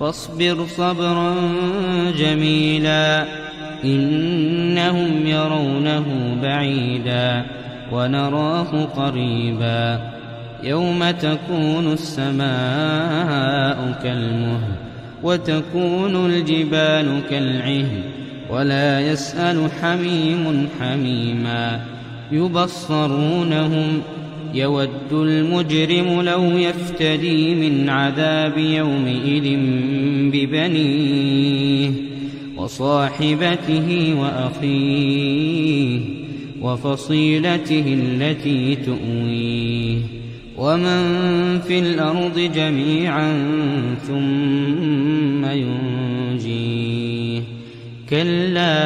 فاصبر صبرا جميلا إنهم يرونه بعيدا ونراه قريبا يوم تكون السماء كالمهل وتكون الجبال كالعهن ولا يسأل حميم حميما يبصرونهم يود المجرم لو يفتدي من عذاب يومئذ ببنيه وصاحبته وأخيه وفصيلته التي تؤويه ومن في الأرض جميعا ثم ينجيه كلا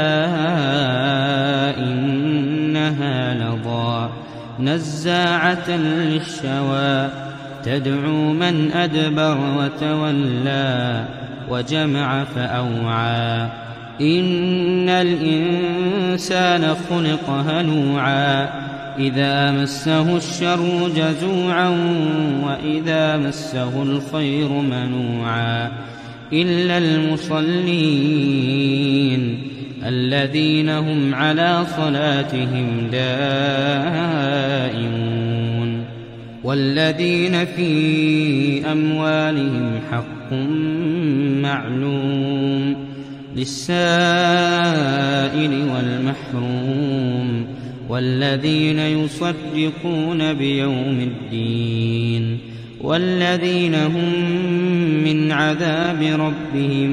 إنها لَظَى نزاعة للشوى تدعو من أدبر وتولى وجمع فأوعى إن الإنسان خلق هلوعا إذا مسه الشر جزوعا وإذا مسه الخير منوعا إلا المصلين الذين هم على صلاتهم دائمون والذين في أموالهم حق معلوم للسائل والمحروم والذين يصدقون بيوم الدين والذين هم من عذاب ربهم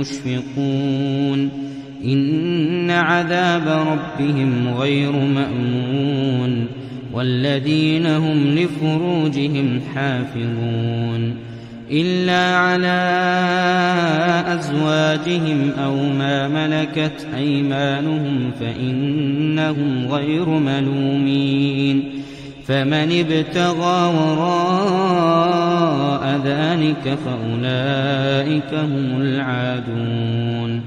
مشفقون إن عذاب ربهم غير مأمون والذين هم لفروجهم حافظون إلا على أزواجهم أو ما ملكت أيمانهم فإنهم غير ملومين فمن ابتغى وراء ذلك فأولئك هم العادون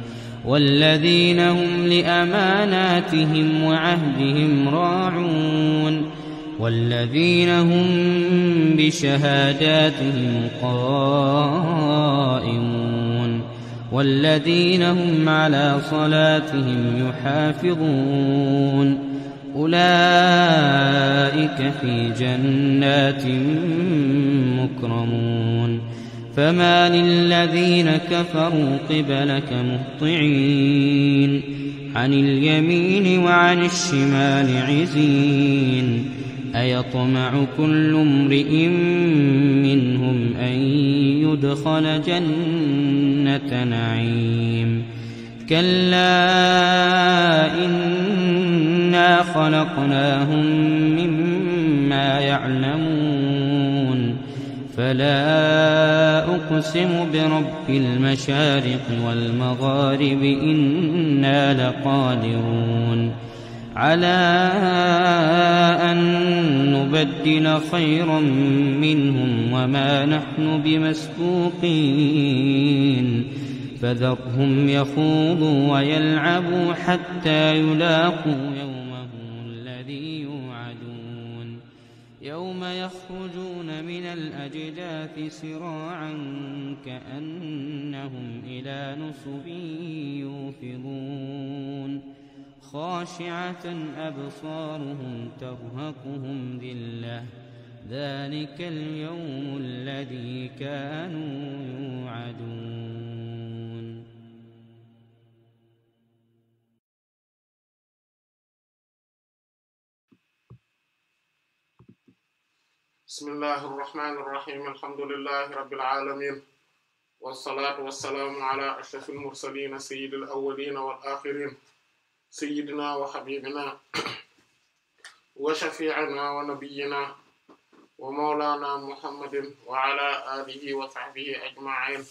والذين هم لأماناتهم وعهدهم راعون والذين هم بشهاداتهم قائمون والذين هم على صلاتهم يحافظون أولئك في جنات مكرمون فما للذين كفروا قبلك مهطعين عن اليمين وعن الشمال عزين أيطمع كل امرئ منهم أن يدخل جنة نعيم كلا إنا خلقناهم مما يعلمون فلا أقسم برب المشارق والمغارب إنا لقادرون على أن نبدل خيرا منهم وما نحن بمسبوقين فذرهم يخوضوا ويلعبوا حتى يلاقوا يومهم الذي يوم يوم يخرجون من الأجداث سراعا كأنهم إلى نصب يوفضون خاشعة أبصارهم ترهقهم ذلة ذلك اليوم الذي كانوا يوعدون بسم الله الرحمن الرحيم الحمد لله رب العالمين والصلاة والسلام على أشرف المرسلين سيد الأولين والآخرين سيدنا وحبيبنا وشفيعنا ونبينا ومولانا محمد وعلى آله وصحبه أجمعين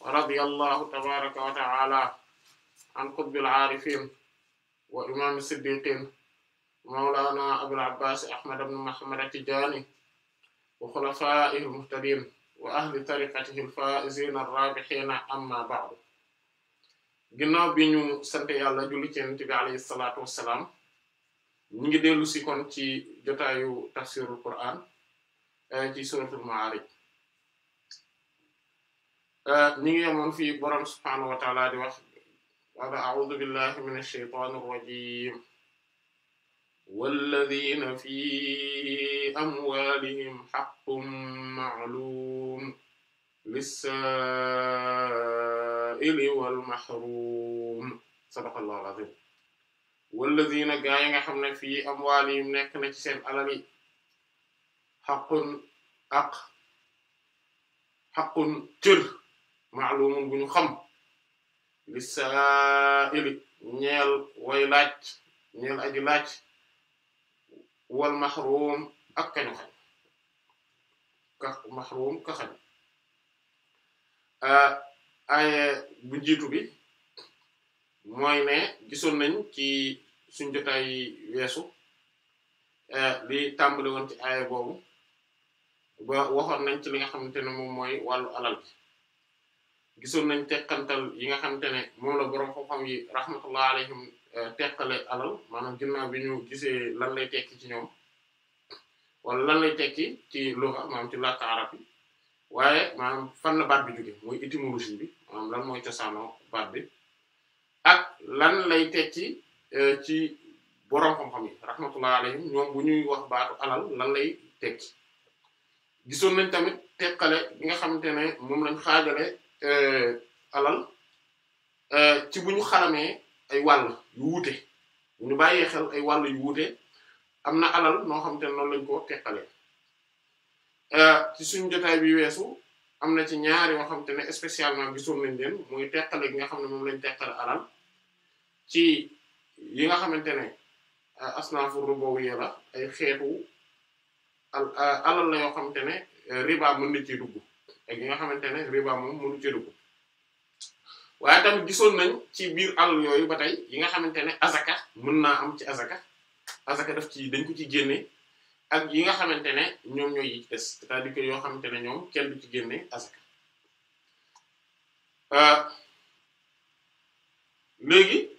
ورضي الله تبارك وتعالى عن قطب العارفين وإمام السديتين مولانا أبو العباس أحمد بن محمد التجاني wa xulafaa'ihi al-muhtadiin wa ahli tariqatihi al-faa'iziina ar-raabihiina amma ba'du ginnaaw bi ñu sant yàlla julli ci Yonent bi alayhi salaatu wassalaam ñu ngi dellu si kon ci jotaayu tafsiirul Qur'aan eh, ci suuratul Ma'aarij eh, ñu ngi yemoon fii borom subhaanahu wa di wax wa a'uuzu billaahi minash shaytaanir rajiim والذين في أموالهم حق معلوم للسائل والمحروم صدق الله العظيم والذين قاعين نحن في أموالهم نكنا جسيم ألمي حق أق حق تر معلوم بن خم للسائل نيل ويلات نيل أجلات wal mahrum ak kañu xañ ka mahrum ka xañ aaye euh, bu jiitu bi mooy ne gisoon nañ ci suñ jotaay weesu euh, bi tàmbali woon ci aaye boobu ba waxoon nañ ci li nga xamante ne moom mooy wàllu alal bi gisoon nañ teqantal yi nga xamante ne moom la boroom xam yi rahmatullah alayhim Euh, teqale alal maanaam ginnaaw bi ñu gisee lan lay tekki ci ñoom wala lan lay tekki ci luxa maanaam ci làkk arab yi waaye maanaam fan la baat bi jóge mooy étymologie bi maanaam lan mooy cosaanoo baat bi ak lan lay tekki euh, ci borom xam-xam yi rahmatullah alayhim ñuy wax baatu lan lay tekki gisoon nañ tamit teqale bi nga xamante ne moom lañ xaajale euh, alal ci bu ñu xaramee ay wàll yu wuute ñu bàyyee xel ay wàll yu wuute am na alal noo xam te ne noonu lañ ko teqale euh, ci suñ jotaay bi weesu am na ci ñaari yoo xam te ne spécialement gisoon nañ leen mooy teqale gi nga xam ne moom lañ teqale alal ci yi nga xamante ne euh, asnaafu rubawiyya la ay xeetu euh, alal la yoo xamante ne riba mën na ci yi nga xamante ne riba moom mënu ci dugg waaye tamit gisoon nañ ci biir alal yooyu ba tey yi nga xamante ne azaka mën naa am ci azaka azaka daf ci dañ ko ci génne ak yi nga xamante ne ñoom ñooy yi yoo xamante ne ñoom kenn du ci génne azaka euh, léegi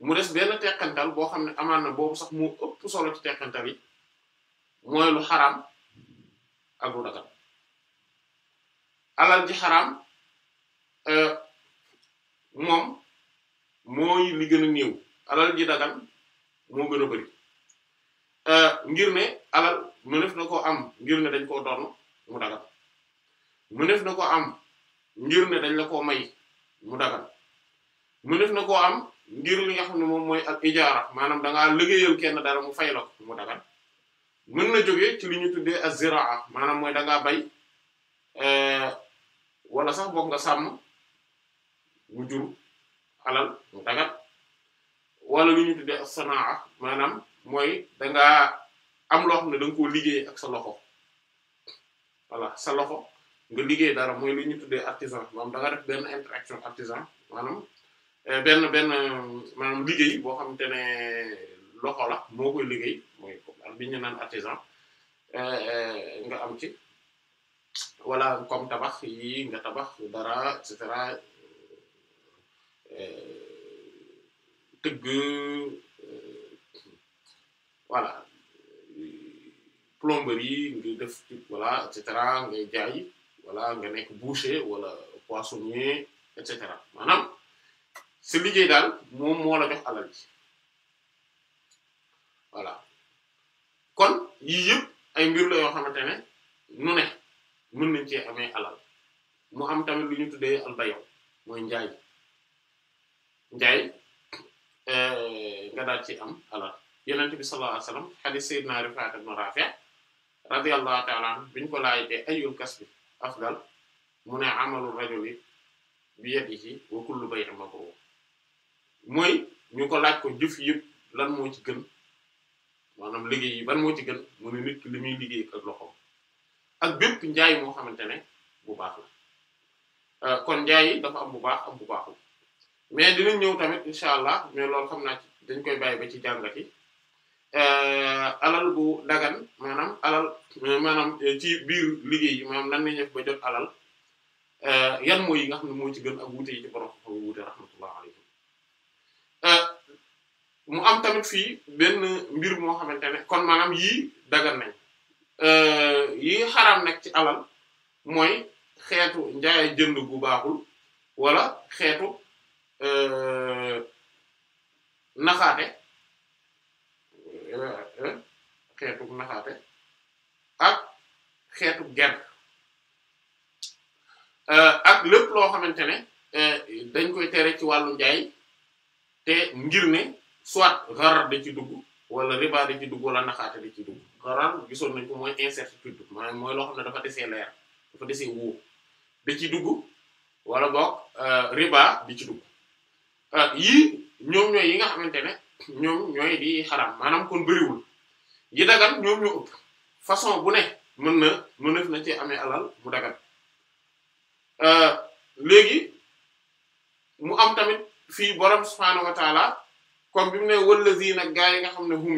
mu des benn teqantal boo xam ne amaan na boobu sax moo ëpp solo ci teqantal yi mooy lu xaraam ak lu alal ji xaraam Euh, moom mooy li gën a néew alal ji dagan moo gën bari euh, ngir ne alal mëneef na ko am ngir dañ koo doon mu dagan mëneef na ko am ngir ne dañ la koo may mu dagan mëneef na koo am ngir li nga xam ne moom mooy al ijaara maanaam da liggéeyal kenn dara mu fay la ko mu dagan mën na jóge ci li ñu tuddee az-ziraa maanaam mooy bay euh, wala sax boog nga sàmm. bu jur alal dagat wala lu ñu tuddee sanaa maanaam mooy danga am loo xam ne da nga liggéey ak sa loxo voilà sa loxo nga liggéey dara mooy lu ñu tuddee artisan maanaam da nga def benn interaction artisan maanaam eh, benn benn maanaam liggéey boo xamante ne loxo la moo koy liggéey mooy comme bi ñu artisan eh, eh, nga am ci wala kom tabax yi nga tabax dara et tëgg euh, voilà plomberie yi ngi def voilà et cetera ngay jaay voilà nga nekk boucher wala poissonnier et cetera maanaam sa liggéey daal moom moo la jox alal ji voilà kon yii yëpp ay mbir la yoo xamante ne nu ne mën nañ cee amee alal mu am tamit lu ñu tuddee albayo mooy njaay jaay eh, nga daal ci am alal yonent bi sallallahu alayhi wasallam hadith sayyidina Rifaa'a ibn Raafi' radiyallahu ta'ala biñ ko laajtee ayyul kasbi afdal mu ne amalu rajuli bi yadihi wa kullu bay'in mabrur mooy ñu ko laaj ko jëf yëpp lan moo ci gën maanaam liggéey ban moo ci gën mu nit ki li muy liggéey ak loxo ak bépp njaay moo xamante ne bu baax la eh, kon njaay dafa am bu baax am bu baaxul mais dinañ ñëw tamit incha allah mais loolu xam naa dañ koy bàyyi ba ci jàngat euh, alal bu dagan maanaam alal maanaam euh, ci biir liggéey yi maanaam nan la ñuy def ba jot alal euh, yan mooy yi nga xam ne moo ci gën ak wuute yi ci borom xam wuute alaykum mu am tamit fii benn mbir moo xamante ne kon maanaam yii dagan nañ yi xaraam nag ci alal mooy xeetu njaay jënd gu baaxul wala xeetu. Euh, naxaate euh, euh, xeetu naxaate ak xeetu ger ak lépp loo xamante ne dañ koy tere ci wàllu njaay te ngir ne soit xarar da ci dugg wala riba da ci dugg wala naxaate da ci dugg xarar gisoon nañ ko mooy incertitude maanaam mooy loo xam ne dafa desee leer dafa desee wóor da ci dugg walla boog riba di ci dugg yi ñoom ñoy yi nga xamantene ñoom ñoy di xaram manam kon wul yi dagan ñoom ñoo ëpp façon bu ne mën na mënef na ci amé alal mu dagan légui mu am tamit fi borom subhanahu wa taala comme bimu ne wallazina gaa yi nga xamne hum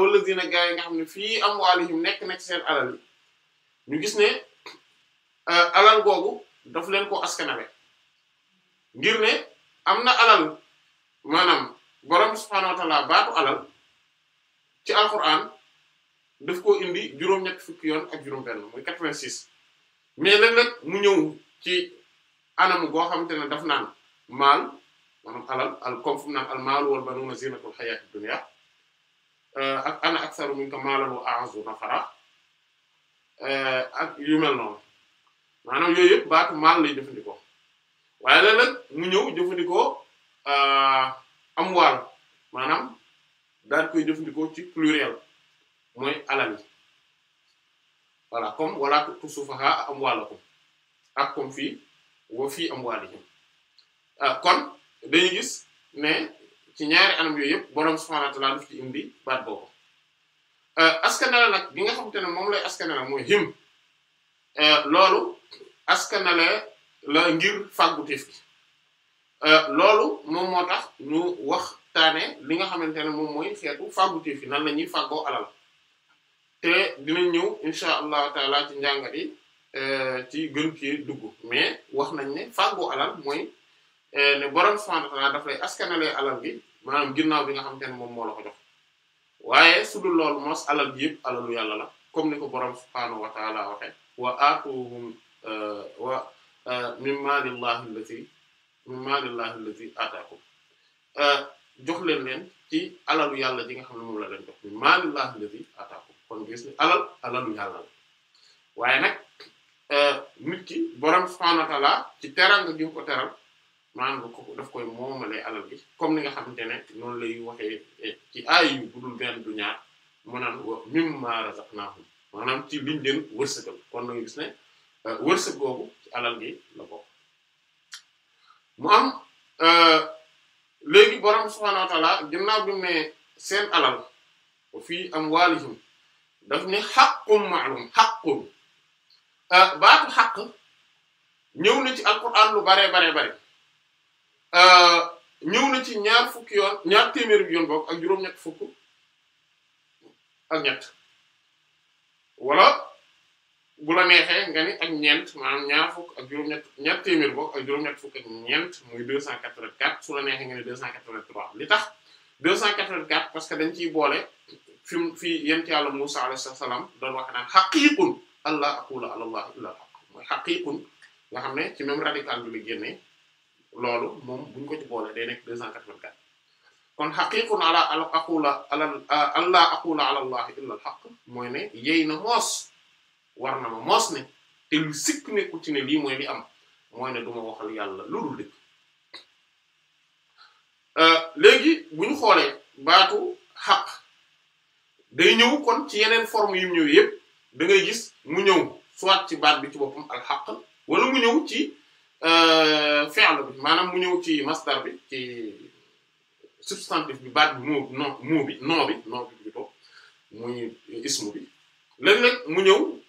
wallazina gaa yi nga xamne fi am walihim nek nek seen alal ñu gis ne euh alal gogou daf leen ko askanawé ngir ne am na alal maanaam borom subhaanahu wa baatu alal ci alquran daf koo indi juróom-ñett fukki yoon ak juróom-benn mooy 86 mais léeg-léeg mu ñëw ci anam goo xamante ne daf naan maal maanaam alal al comme fu mu naan al maalu wal banuuna zinatul hayaati dunya euh, ak ana aksaru minka maalan wa a'zu nafara euh, ak yu mel noonu maanaam yooyu yëpp baatu maal lay jëfandikoo. waaye la nag mu ñëw jëfandikoo euh, am waal maanaam daal koy jëfandikoo ci pluriel mooy alal yi voilà comme wala tu sufaha ak comme fii wa fii am waalihim euh, kon dañu gis ne ci ñaari anam yooyu yëpp borom subhaanahu wa ci indi baat boobu euh, askanale nag bi nga xamante ne moom lay askanale mooy him loolu askanale. la ngir fàgguteef gi euh, loolu moom moo tax ñu waxtaane li nga xamante ne moom mooy xeetu fàgguteef yi nan la ñuy fàggoo alal te dinañ ñëw incha allahu taala ci njàngat yi euh, ci gën ci dugg mais wax nañ ne fàggoo alal mooy euh, ne borom subhanahu wa ta'ala daf lay askanalee alal gi maanaam ginnaaw bi nga xam ne moom moo la ko jox waaye su loolu mos alal bi alalu yàlla la comme ni ko borom subhanahu wa ta'ala waxe wa aatuhum wa min maalillahi allati min maalillahi allati ataakum jox leen leen ci alalu yàlla ji nga xam ne moom la leen jox min maalillahi allati ataakum ni alal alalu yàlla la waaye nag borom subhaanahu ci teranga gi ko teral maanaam ko daf koy moomalee alal gi comme ni nga xamante ne noonu lay waxee eh, ci aay yu budul benn du ñaar mu naan mimmaa razaqnaahum maanaam ci liñ leen kon nga gis ne googu alal gi la bokk mu am euh, léegi borom subhaanahu wa ta'ala ginnaaw seen alal fii amwaalihim daf ne haqqun ma'lum haqqun euh, baatu xaq ñëw na ci alquran lu bare bare euh, bare ñëw na ci ñaar fukki yoon ñaar téeméer bi yoon ak juróom-ñett fukk ak ñett wala bu la neexee nga ni ak ñeent maanaam ñaar fukk ak juróom-ñett ñaar téeméer bokk ak juróom-ñett fukk ak ñeent muy 284 su la neexee nga ni 283 li tax 284 parce que dañ ciy boole fi mu fi yent yàlla Musa alayhi salaam doon wax naan haqiqun allah aqula ala allah illa al mooy haqiqun nga xam ne ci même radical bi la génnee loolu moom buñ ko ci boole day nekk 284 kon haqiqun ala aqula ala allah aqula ala allah illa al haqq mooy ne yey na moos. war na ma moos ne te lu sikk nekku ci ne lii mooy li am mooy ne duma waxal yàlla lu dul dëgg euh, léegi bu ñu xoolee baatu xaq day ñëw kon ci yeneen forme yu ñëw yëpp dangay gis mu ñëw soit ci baat bi ci boppam al xaq wala mu ñëw ci euh, fi'l bi maanaam mu ñëw ci masdar bi ci substantif bi baat bi moo non moo bi non bi non bi ismu bi léeg mu ñëw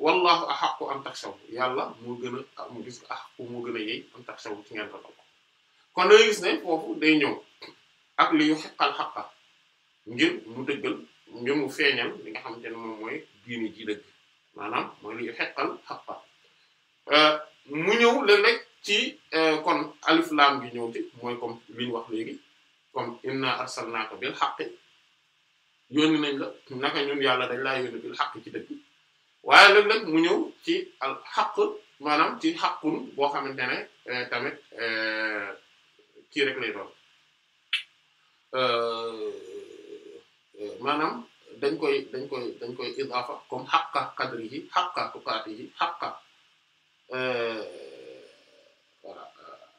wallahu ahaqu an taxaw yàlla moo gën ah, mu gis ahaqu moo gën a yey an ci ngeen ragal ko kon dangay ne foofu day ñëw ak li xeqal xaqa ngir mu dëggal ngir mu feeñal li nga xamante ne moom mooy diini ji dëgg maanaam mooy li yu xeqal xaqa mu ñëw léeg-léeg ci euh, kon alif laam gi ñëw ci mooy comme li wax léegi comme inna arsalnaaka bil xaqi yónni nañ la naka ñun yàlla dañ laa yónni bil xaqi ci dëgg waaye léeg-léeg mu ñëw ci al xaq maanaam ci xaqun boo xamante ne eh, tamit eh, kii rek lay doon eh, maanaam dañ koy dañ koy dañ koy idaafa comme xaqa qadrihi xaqa tuqaatihi xaqa voilà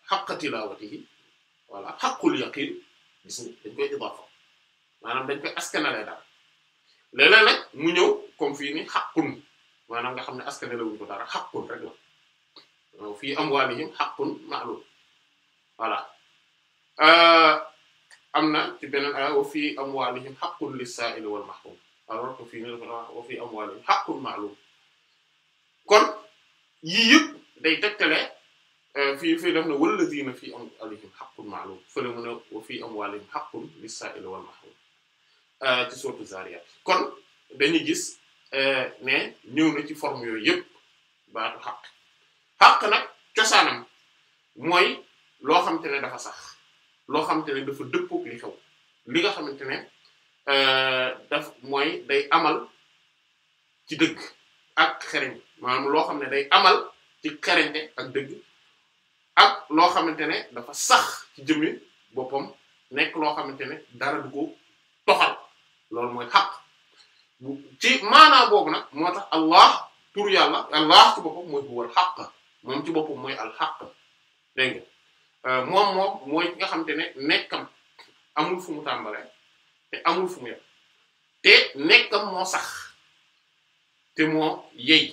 xaqa tilaawatihi voilà xaqul yaqin gis dañ koy idaafa maanaam dañ koy askanale daal léeg-léeg mu ñëw comme fii ni manam nga xamne askane la wuñ ko dara haqqun rek la fi amwalihim haqqun ma'lum wala euh amna ci benen ay wa fii amwaalihim xaqun lis sail wal mahrum alors que fi ne dafa wa fii amwaalihim xaqun ma'lum kon yi yëpp day tegtale fi fi def na fi fii amwaalihim xaqun ma'lum fële mu ne wa fii amwaalihim xaqun lis sail wal mahrum ci sortu Zariyat kon dañu gis. ne euh, ñëw na ci forme yooyu yëpp baatu xaq xaq nag cosaanam mooy loo xamante ne dafa sax loo xamante ne dafa dëppook li xew li nga xamante ne euh, daf mooy day amal ci dëgg ak xereñ maanaam loo xam ne day amal ci xereñte ak dëgg ak loo xamante ne dafa sax ci jëmmi boppam nekk loo xamante ne dara du toxal loolu mooy xaq ci maanaa boobu nag moo tax allah tur yàlla allah ci boppam mooy huwal xaq moom ci bopp mooy al xaq dégg nga euh, moom moom mooy nga xamante ne nekkam amul fu mu tàmbalee te amul fu mu te nekkam moo sax te moo yey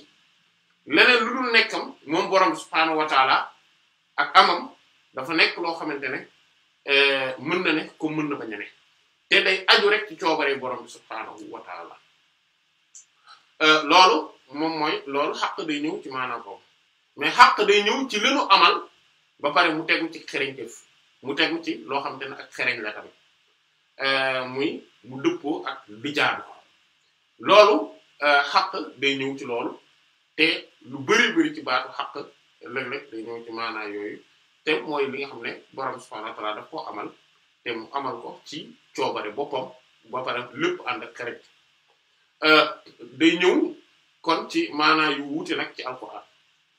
leneen lu dul nekkam moom borom subhaanahu wa ak amam dafa nekk loo xamante ne euh, mën na ne comme mën na bañ a ne te day aju rek ci coobaree borom subhaanahu wa Euh, loolu moom mooy loolu xàq day ñëw ci maanaam boobu mais xàq day ñëw ci li amal ba pare mu tegu ci xereñ xereñteef mu tegu ci loo xam xamante ne ak xereñ la tamit euh, muy mu dëppoo ak li jaadu loolu euh, xàq day ñëw ci loolu te lu bari bari ci baatu xàq léeg-léeg day ñëw ci maanaa yooyu te mooy li nga xam ne borom subhaanahu wa koo amal te mu amal ko ci coobare boppam ba pare lépp ànd ak xereñ Euh, day ñëw kon ci maanaa yu wuute nag ci alquran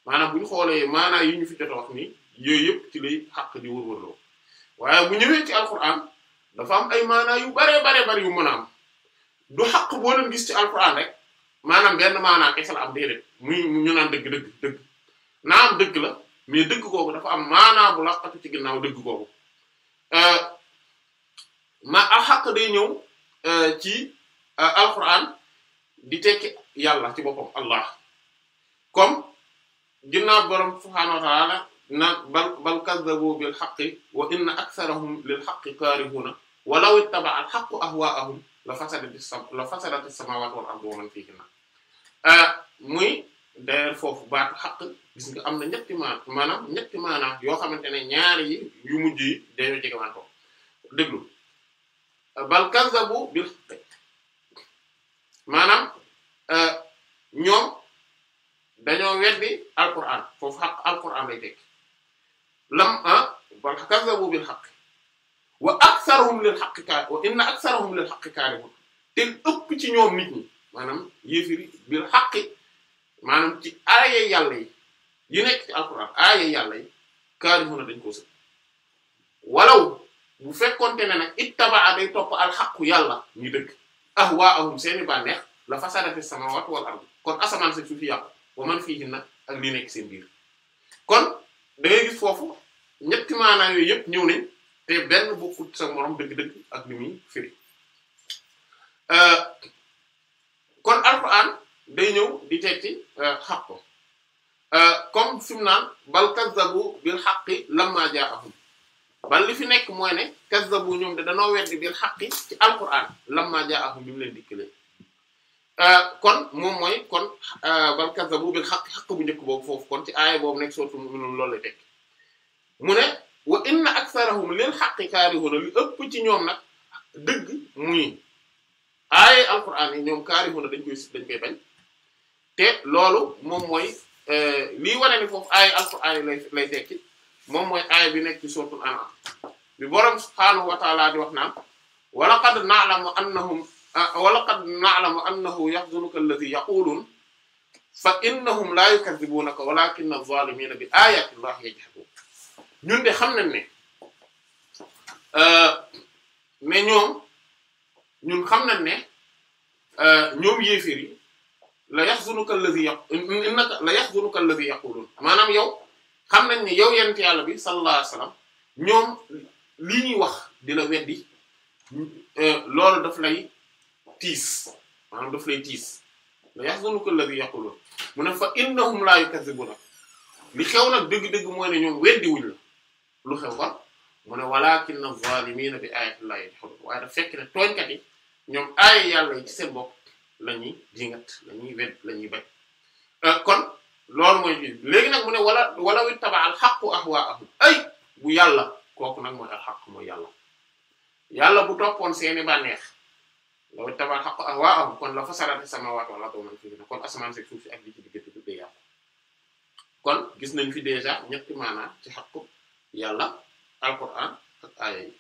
maanaam bu ñu xoolee maanaa yu ñu fi jot a wax nii yooyu yëpp ci lay xàq di wërwërloo waaye bu ñëwee ci alquran dafa am ay maanaa yu baree baree bari yu mën a am du xàq boo leen gis ci alquran rek maanaam benn maanaa kese la am déedéet muy ñu naan dëgg dëgg dëgg naam dëgg la mais dëgg kooku dafa am maanaa bu laqatu ci ginnaaw dëgg googu euh, ma alquran. di yàlla ci boppam allah comme ginnaaw borom subhaanahu wa ta'ala naan bal bal kazzabu bil haqqi wa inna aktharahum lil haqqi kaarihuuna walaw ittaba'a al haqqu ahwaa'ahum la la fasadatis samaawaatu wal ardu wa man euh, muy d'ailleurs foofu baatu xaq gis nga am na ñetti maana ñetti maanaam yoo xamante ne ñaari yu mujj yi dañoo jegewantoo déglu bal kazzabu bil haqqi manam euh ñom dañu weddi alquran fofu haq alquran lay tek lam ah wa kazzabu bil haqq wa aktharuhum lil haqq kaa wa inna aktharuhum lil xaq kaarihun te upp ci ñom nit ñi manam yefiri bil haqq manam ci aaya yàlla yi yu nekk ci alquran aaya yàlla yi kaarihun dañ ko sëg walaw bu fekkonte ne nag ittabaa day top alhaq yàlla ñi dëkk ahwaahum seeni bànneex la fasadati samawati wal ard kon asamaan sa suuf yàqu wa man na ak li nekk seen biir kon da foofu ñetti maanaa yooyu yëpp ñëw nañ te benn bokkut sa morom dëgg-dëgg ak li muy firi euh, kon alquran day ñëw di tekki euh, xaq ko euh, comme fi mu naan bal kazzabu bil haqqi lamma jaa'ahum ban li fi nek moy ne kazzabu ñoom de dañu weddi bil haqqi ci alquran lamma jaahum bi mu leen euh kon mom moy kon bal kazzabu bil haqqi haqqu bu ñek bok fofu kon ci aya boobu nek sootu mu loolu tek mu ne wa inna aktharahum lil haqqi karihun li upp ci ñoom nak deug muy aya alquran yi ñoom kaarihuuna dañ koy dañ koy bañ te loolu moy euh li wone ni fofu aya alquran lay lay tekki mom moy ay bi nek ci suuratul ana bi borom subhanahu wa ta'ala di wax nan wa laqad na'lamu annahum wa laqad na'lamu annahu yahzunuka alladhi yaqulun fa innahum la yukadhibunaka walakin adh-dhalimina bi ayati llahi yajhadun ñun de xam nañ ne mais ñoom ñun xam nañ ne ñoom la yahzunuka alladhi yaqulun innaka la yahzunuka alladhi yaqulun maanaam xam nañ ne yow yent yàlla bi sallallahu alayhi wasallam ñoom li ñuy wax dina la weddi euh, loolu daf lay tiis maanaam daf lay tiis la yahzunuka alladhi yaqulun mu ne fa innahum la yukazzibuna li xew nag dëgg-dëgg mooy ne ñoom weddi wuñ la lu xew ba mu ne walakinna adh-dhalimina bi ayati llahi yajhadun waaye daf fekk ne tooñkat yi ñoom aaya yàlla yi ci seen bopp la ñuy dingat wedd la bañ euh, kon loolu mooy kii léegi nag mu ne wala wala wi taba al xaqu ahwaahum ay bu yàlla kooku nag mooy al xaq mooy yàlla yàlla bu toppoon seeni bànneex law ittaba'a al-haqqu ahwaa'ahum kon la fasadati samaawaatu wal ardu man fiihinna kon asamaan si suuf si ak li ci diggante bi day yàqu kon gis nañ fi déjà ñetti maanaa ci xaqu yàlla alquran ak aaya yi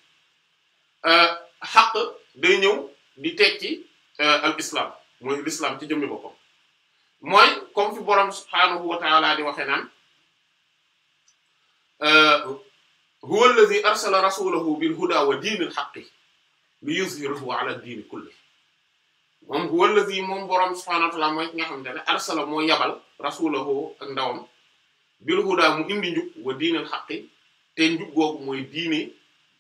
euh, xaq day ñëw di tekki euh, al islam mooy l'islam ci jëmmi boppam moy comme fi borom subhanahu wa ta'ala di waxe nan euh huwa alladhi arsala rasulahu bil huda wa diinil haqq li yuzhirahu ala ad-din kulli mom huwa alladhi mom borom subhanahu wa ta'ala mooy nga xamante ne arsala mo yabal rasulahu ak ndawam bil huda mu indi njuk wa diinil haqq te njuk googu moy dine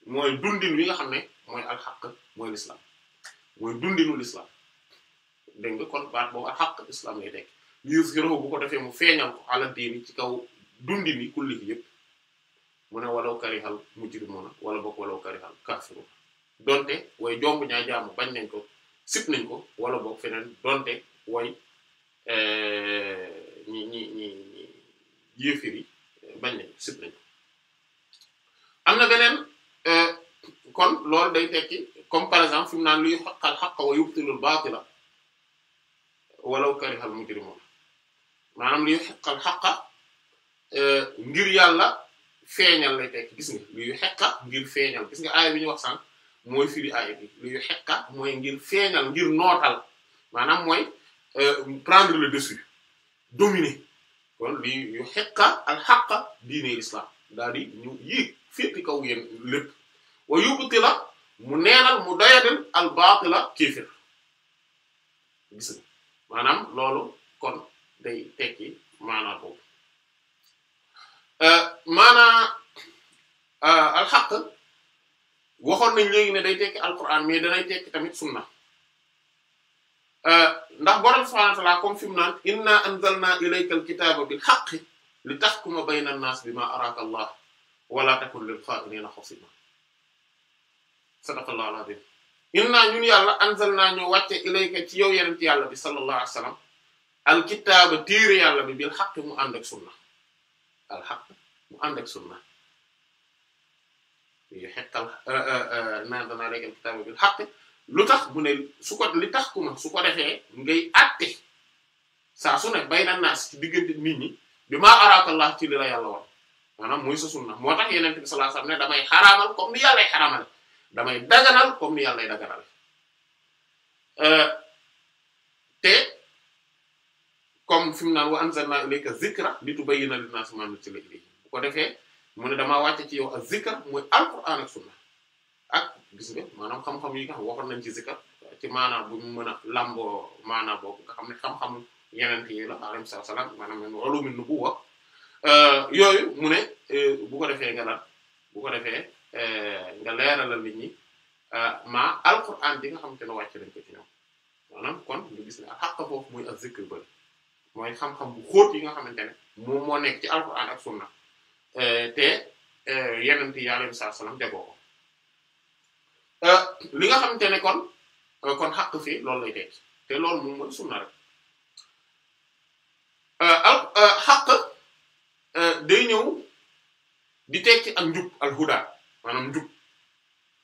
moy dundin wi nga xamne moy al haqq moy l'islam moy dundinu l'islam dégg nga kon baat boo ak xaq islam lay tekki yuzhiru bu ko defee mu feeñal ko ala diini ci kaw dundi ni kulli gi yëpp mu ne walaw karihal mujrimuna wala bokk walaw karihal kafiru donte way jomb ñaa bañ nañ ko sip nañ ko wala bokk feneen donte way eh, ñi ñi ñi ñi yéefir yi eh, bañ nañ ko am na beneen eh, kon loolu day tekki comme par exemple fi mu naan luy xaqal xaq wa yubtilul baatila walaw karihal mujrimun maanaam li yuhiqqal haqqa euh, ngir yàlla feeñal lay tekk gis nga li yuhiqqa ngir feeñal gis nga aaya bi ñu wax sànq mooy firi aaya bi li yuhiqqa mooy ngir feeñal ngir nootal maanaam mooy euh, prendre le dessus dominer kon li yuhiqqa al haqqa diine ñu yéeg féeti kaw yéen lépp wa yubtila mu neenal mu doyadal al baatila kéefir maanaam loolu kon day tekki maanaa boobu euh, maanaa euh, alxaq waxoon nañ léegi ne day tekki alquran mais danay tekki tamit sunna euh, ndax borom subhanahu wa ta'ala comme fi mu naan inna anzalna ilayka alkitaba bil haqqi li tahkuma bayna an-nas bima araka allah wala takun lil kha'inina khasima sadaqa allahu al-azim inna ñun yàlla anzal naa ñoo wàcce ilayka ci yow yenent yàlla bi sallallahu alayhi wasallam alkitaaba téere yàlla bi bil xaq mu ànd ak sunna al mu ànd ak sunna yu xeqal euh, euh, euh, naan lu tax bu ne su li tax su ko defee ngay àtte saa su ne naas ci diggante nit ñi bi maa araakallah ci li yàlla wax maanaam mooy sa sunna moo tax yenent bi sallallahu alayhi ne damay xaraamal comme ni yàllay xaraamal damay daganal comme ni yàlla lay daganal euh, te comme fi mu naan wa anzalna ilayka zikra litubayyina linnaasi maa nuzzila ilayhim bu ko defee mu ne damaa wàcce ci yow ak zikra mooy alquran ak sunna ak gis nga maanaam xam-xam yi nga xam waxoon nañ ci zikra ci maanaam bu mu mën a lamboo maanaam boo nga xam ne xam yeneen yi la alayhi salaam maanaam men ulumi nubuwwa euh, yooyu mu ne euh, ko defee nga lan bu ko defee Eh, nga leeralal nit ñi eh, ma alquran bi nga xamante ne wàcc nañ ko ci ñoom maanaam kon ñu gis ne ak xàq muy ak zikr bëri mooy xam-xam bu xóot yi nga xamante ne moom moo nekk ci alquran ak sunna eh, te yenent yi alayhi salaam jagoo ko li nga xamante ne kon kon xàq fi loolu lay tekki te loolu moom mooy sunna rek xàq day ñëw di tekki ak njub al manam djub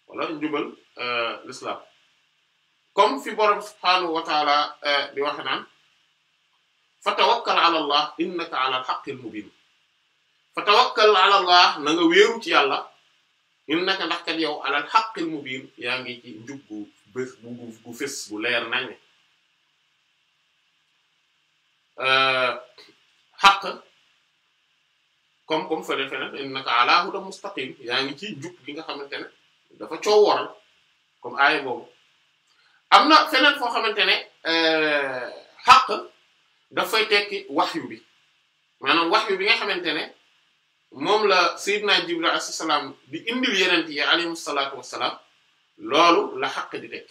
wala djubal euh l'islam comme fi borom subhanahu wa taala euh di wax nan fa tawakkal ala allah innaka ala alhaqqil mubin fa tawakkal ala allah na nga wéeru ci yàlla innaka ndax kat yow ala alhaqqil mubin ya ngi ci njub gu bés bu gu bu leer nañ xaq comme comme feneen feneen innaka ala hudan mustaqim yaa ci njub gi nga xamantene dafa coow wor comme ay boobu amna fenen fo xamantene euh haq da fay tekki wahyu bi manam wahyu bi nga xamantene mom la sayyidina Jibril alayhi salam bi indi yenenti yi alayhi salaatu wassalam lolu la haq di tek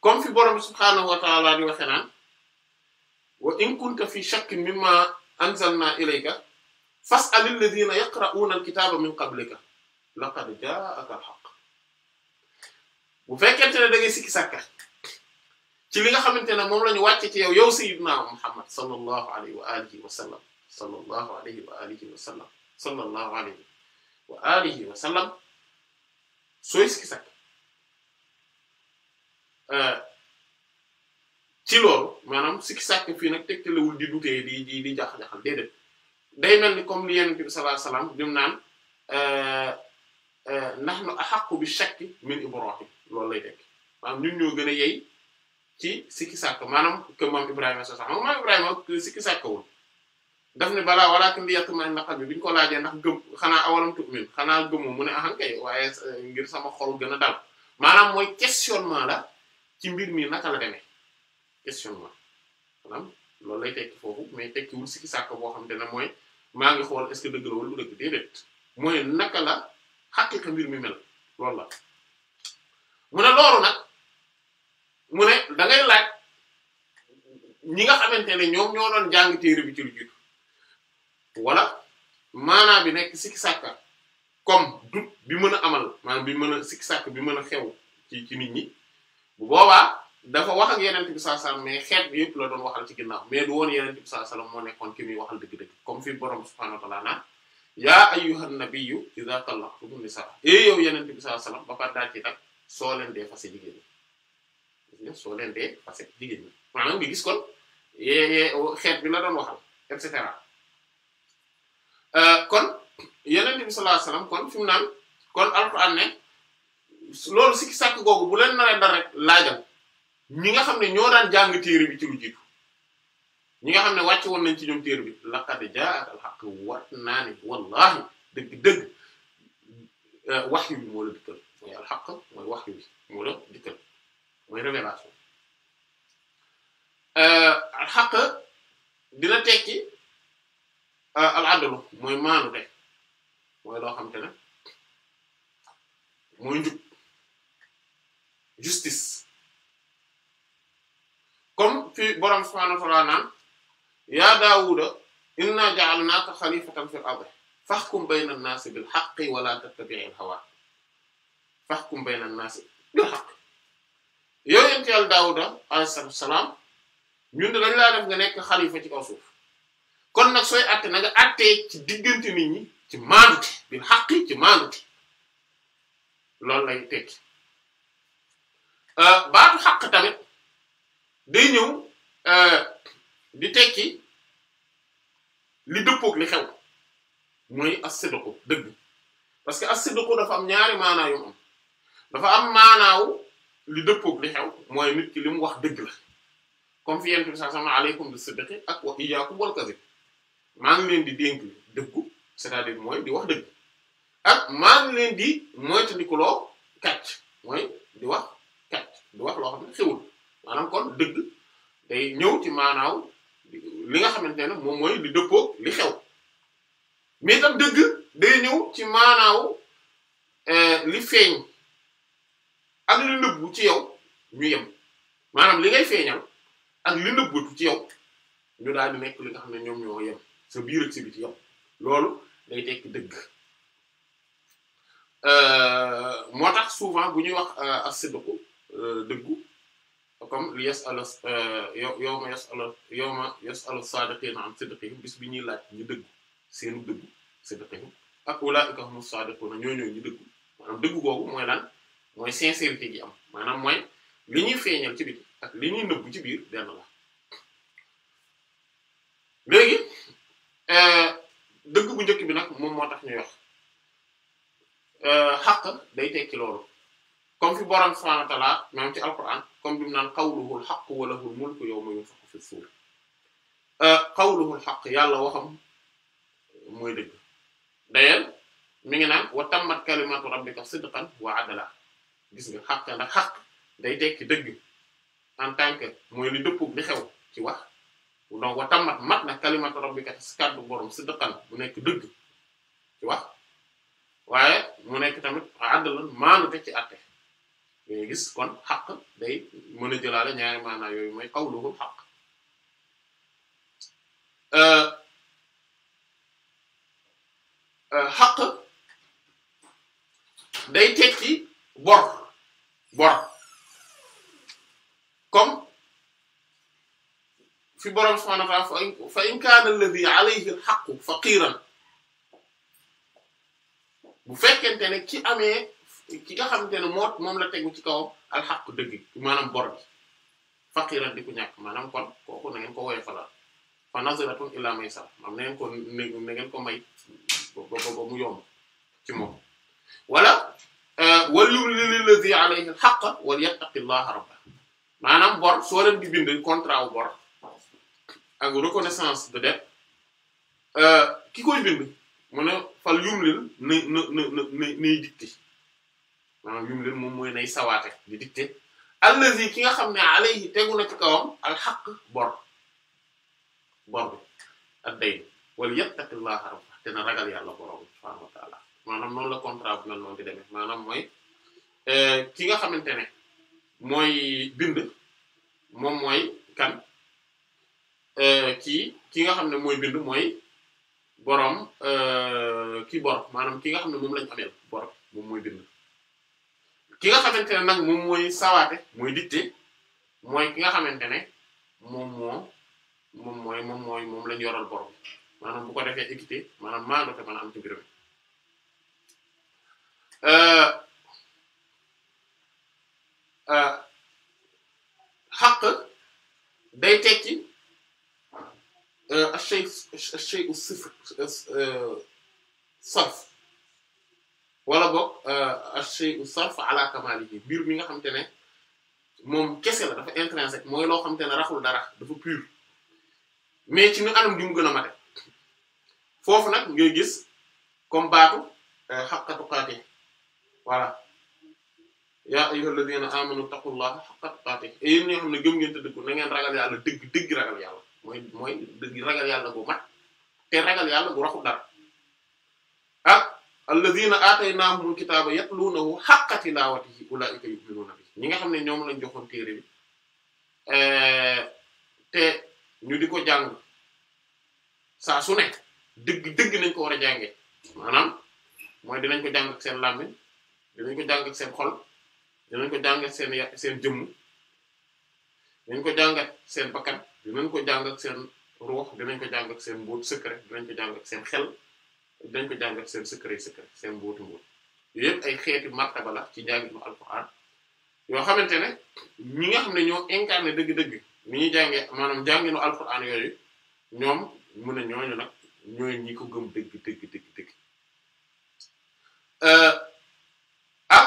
comme fi borom subhanahu wa ta'ala di waxe nan wa in kunta fi shakkin mimma anzalna ilayka fas'alil ladhina yaqra'una al-kitaba min qablika laqad ja'aka al-haqq bu fekkente ne da ngay sikki sàkka ci li nga xamante ne moom la ñu wàcce ci yow yow sayyidna Muhammad sallallahu alayhi wa alihi wa sallam sallallahu alayhi wa alihi wa sallam sallallahu alayhi wa alihi wa sallam sooy sikki sàkka euh, ci loolu maanaam sikki sàkka fii nag tegtalewul di dutee di di di jax-jaxal déedéet day mel ni comme li yonent bi sallallahu alayhi bi mu naan euh, euh, nahnu ahaqqu bi shakki min Ibrahim loolu lay tekki maanaam ñun ñoo gën a yey ci sikki sàkk maanaam que moom Ibrahima so sax moom Ibrahima sikki sàkkawul daf ne balaa walaakin bi qalbi bi ñu ko laajee ndax gëm xanaa awalam tu'min xanaa gëmoo mu ne ahankay waaye euh, ngir sama xol gën a dal maanaam mooy questionnement la ci mbir mi naka la demee questionnement maanaam lay tekki foofu mais tekkiwul sikki sàkk boo xam te ne mooy maa ngi xool est-ce que dëgg la wala lu dëgg déedéet mooy naka la xaqiqa mbir mi mel loolu la mu ne loolu nag mu ne da ngay laaj ñi nga xamante ne ñoom ñoo doon jàng téere bi ci lu jiitu wala maanaa bi nekk sikki sàkka comme dut bi mën a amal maanaam bi mën a sikki sàkk bi mën a xew ci ci nit ñi bu boobaa dafa wax ak yeneen bi sallallahu alayhi wasallam mais xeet bi yëpp la doon waxal ci ginnaaw mais du woon yeneen bi sallallahu moo nekkoon ki muy waxal dëgg-dëgg comme fi borom subhanahu wa ta'ala na ya ayyuhan nabiyyu idha talaqtum nisa e eh, yow yenen bi sallallahu alayhi wasallam ba fa daal ci so len de fasé fase jigéen ñi soo leen dee fase jigéen ñi maanaam nga gis kon ye ye xet bi la doon waxal et cetera euh kon yenen bi sallallahu alayhi wasallam kon fi mu naan kon alquran ne lolu sikki sak gogou bu len naree dar rek laajal ñi nga xam ne daan jàng téere bi ci lu jiitu ñi nga xamne waccu won nañ ci ñoom téer bi laqad jaa'aka al-haqq wa nani wallahi deug deug waxyu bi moo la dikkal moy al-haqq moy waxyu bi moo la dikkal moy révélation euh al-haqq dina tekki al-adlu moy manu de moy lo xamantene moy ne justice comme fi borom subhanahu wa ta'ala yaa daawuda inna ja'alnaaka xalifatan fil ardi fahkum bayna an-naasi bil haqqi wa la tattabi'il hawa fahkum bayna naasi bil haqqi yow yent yàlla daawuda alayhi salaam ñun de dañ laa def nga nekk xalifa ci kaw kon nag sooy àtte na nga ci diggante nit ñi ci maanute bil haqqi ci maanute loolu lay tekki euh, baatu xaq tamit day ñëw euh, di tekki li dëppook li xew mooy as-sidqu dëgg parce que as-sidqu dafa am ñaari maanaa yu am dafa am maanaaw li dëppook li xew mooy nit ki li mu wax dëgg la comme fi yentu bi sallallahu alayhi wa sallam aleykum bis ak wa iyyaakum wal kadhib maa leen di dénk dëggu c'est-à-dire mooy di wax dëgg ak maa ngi leen di moytandikuloo kàcc mooy di wax kàcc di wax loo xam ne kon dëgg day ñëw ci maanaaw li nga xamante ne moom mooy li dëppoo li xew mais dëgg day ñëw ci maanaaw euh, li feeñ ak li nëbbu ci yow ñu yem maanaam li ngay feeñal ak li ci yow ñu daal di nekk li nga xam ne ñoom ñoo yem sa biir ak sa biti yow loolu day tekk dëgg euh, moo tax souvent bu ñuy wax euh, as-sidqu dëggu comme li yes ala yow ma yes ala yow ma yes ala saadiqiina an sidqihim bis bi ñuy laaj ñu dëggu seen dëggu sidqihim ak ulaa'ika humu saadiquuna ñoo ñoo ñu dëggu maanaam dëggu googu mooy lan mooy sincérité gi am maanaam mooy li ñuy feeñal ci biti ak li ñuy nëbbu ci biir benn la léegi euh, dëgg bu njëkk bi nag moom moo tax ñuy wax euh, xaq day tekki comme fi borom subhaanahu wa ta'aala maanaam ci alquran comme bi naan qawluhul haqqu wa lahul mulku yawma yunfakhu fi suur euh, qawluhul haqq yàlla waxam mooy dëgg dayal mi ngi naan wa tammat kalimatu rabbika sidqan wa adla gis nga xaq ndax xaq day tekki dëgg en tant que mooy li dëppoo li xew ci wax donc wa tammat mat na kalimatu rabbika si kàddu borom sidqan bu nekk dëgg ci wax waaye mu nekk tamit adlan maanute ci àtte dañuy gis kon xaq day mën a jëlaale ñaari maanaa yooyu mooy qawluhul xaq euh, euh, xaq day tekki bor bor comme fi boroom subhaanahu wa ta'aala fa in kaana alladhi alayhi al-haqqu faqiiran bu fekkente ne ki amee ki nga xamante ne moo moom la tegu ci kawam alxaq dëgg maanaam bor bi faqiran di ku ñàkk maanaam kon kooku na ngeen ko woye falal fa naziratun ila maysara maanaam na ngeen ko may ba mu yomb ci moom wala euh, walyumli lillazi alayhi alxaq wal yattaqi llaha rabba maanaam bor soo leen bind contrat wu bor ak reconnaissance de euh, ki koy bind mu ne fal yumlil na na na na nay dikti maanaam yum leen moom mooy nay sawaate di dicté allazi ki nga xam ne alayhi tegu na ci kawam alxaq bor bor bi ak day wala yattaqillaha rabba te ragal yàlla borom subhaanahu wa taala maanaam noonu la contrat bu mel noonu di demee maanaam mooy euh, ki nga xamante ne mooy bind moom mooy kan euh, kii ki nga xam ne mooy bind mooy borom euh, ki bor maanaam ki nga xam ne moom lañ ameel bor moom mooy bind ki nga xamante ne nag moom mooy sawaate mooy dictée mooy ki nga xamante ne moom moo moom mooy moom mooy moom lañ yoral borom maanaam bu ko defee équité maanaam maandu te mën a am ci mbir mi euh, euh, xaq day tekki euh, achay achay u sif sarf wala boog euh, ash-shay'u sarf ala kamalihi mbir mi nga xamante ne moom kese la dafa intrinsèque mooy loo xamante ne raxul dara dafa pur mais ci nu anam gi mu gën a mate foofu nag ngay gis comme baatu euh, haqqa tuqaatihi voilà yaa ayyuhal ladhina amanu taqullaha haqqa tuqaatihi et yéen ñoo xam ne gëm ragal yàlla dëgg dëgg ragal yàlla mooy mooy dëgg ragal yàlla bu mat te ragal yàlla bu raxul dara na alladhina aataynahumul kitaaba yatluunahu haqqa tilaawatihi ulaa'ika yu'minuuna bi ñi nga xam ne ñoom lañ joxoon téere bi eh, te ñu di ko jàng saa su nekk dëgg dëgg nañ ko war a jàngee maanaam mooy dinañ ko jàng seen làmmiñ dinañ ko jàng ak seen xol dinañ ko jàng ak seen seen jëmm dinañ ko jàng seen bakkan dinañ ko jàng ak seen ruux dinañ ko jàng seen mboot secret dinañ ko jàng ak seen xel dañ ko jàngal seen secret secret seen mbóotu mbóot yooyu yëpp ay xeeti martaba la ci njàngit mu alquran yoo xamante ne ñi nga xam ne ñoo incarné dëgg-dëgg ni ñuy jàngee maanaam jànginu alquran yooyu ñoom mën ne ñooñu nag ñooy ñi ko gëm dëgg dëgg dëgg dëgg ah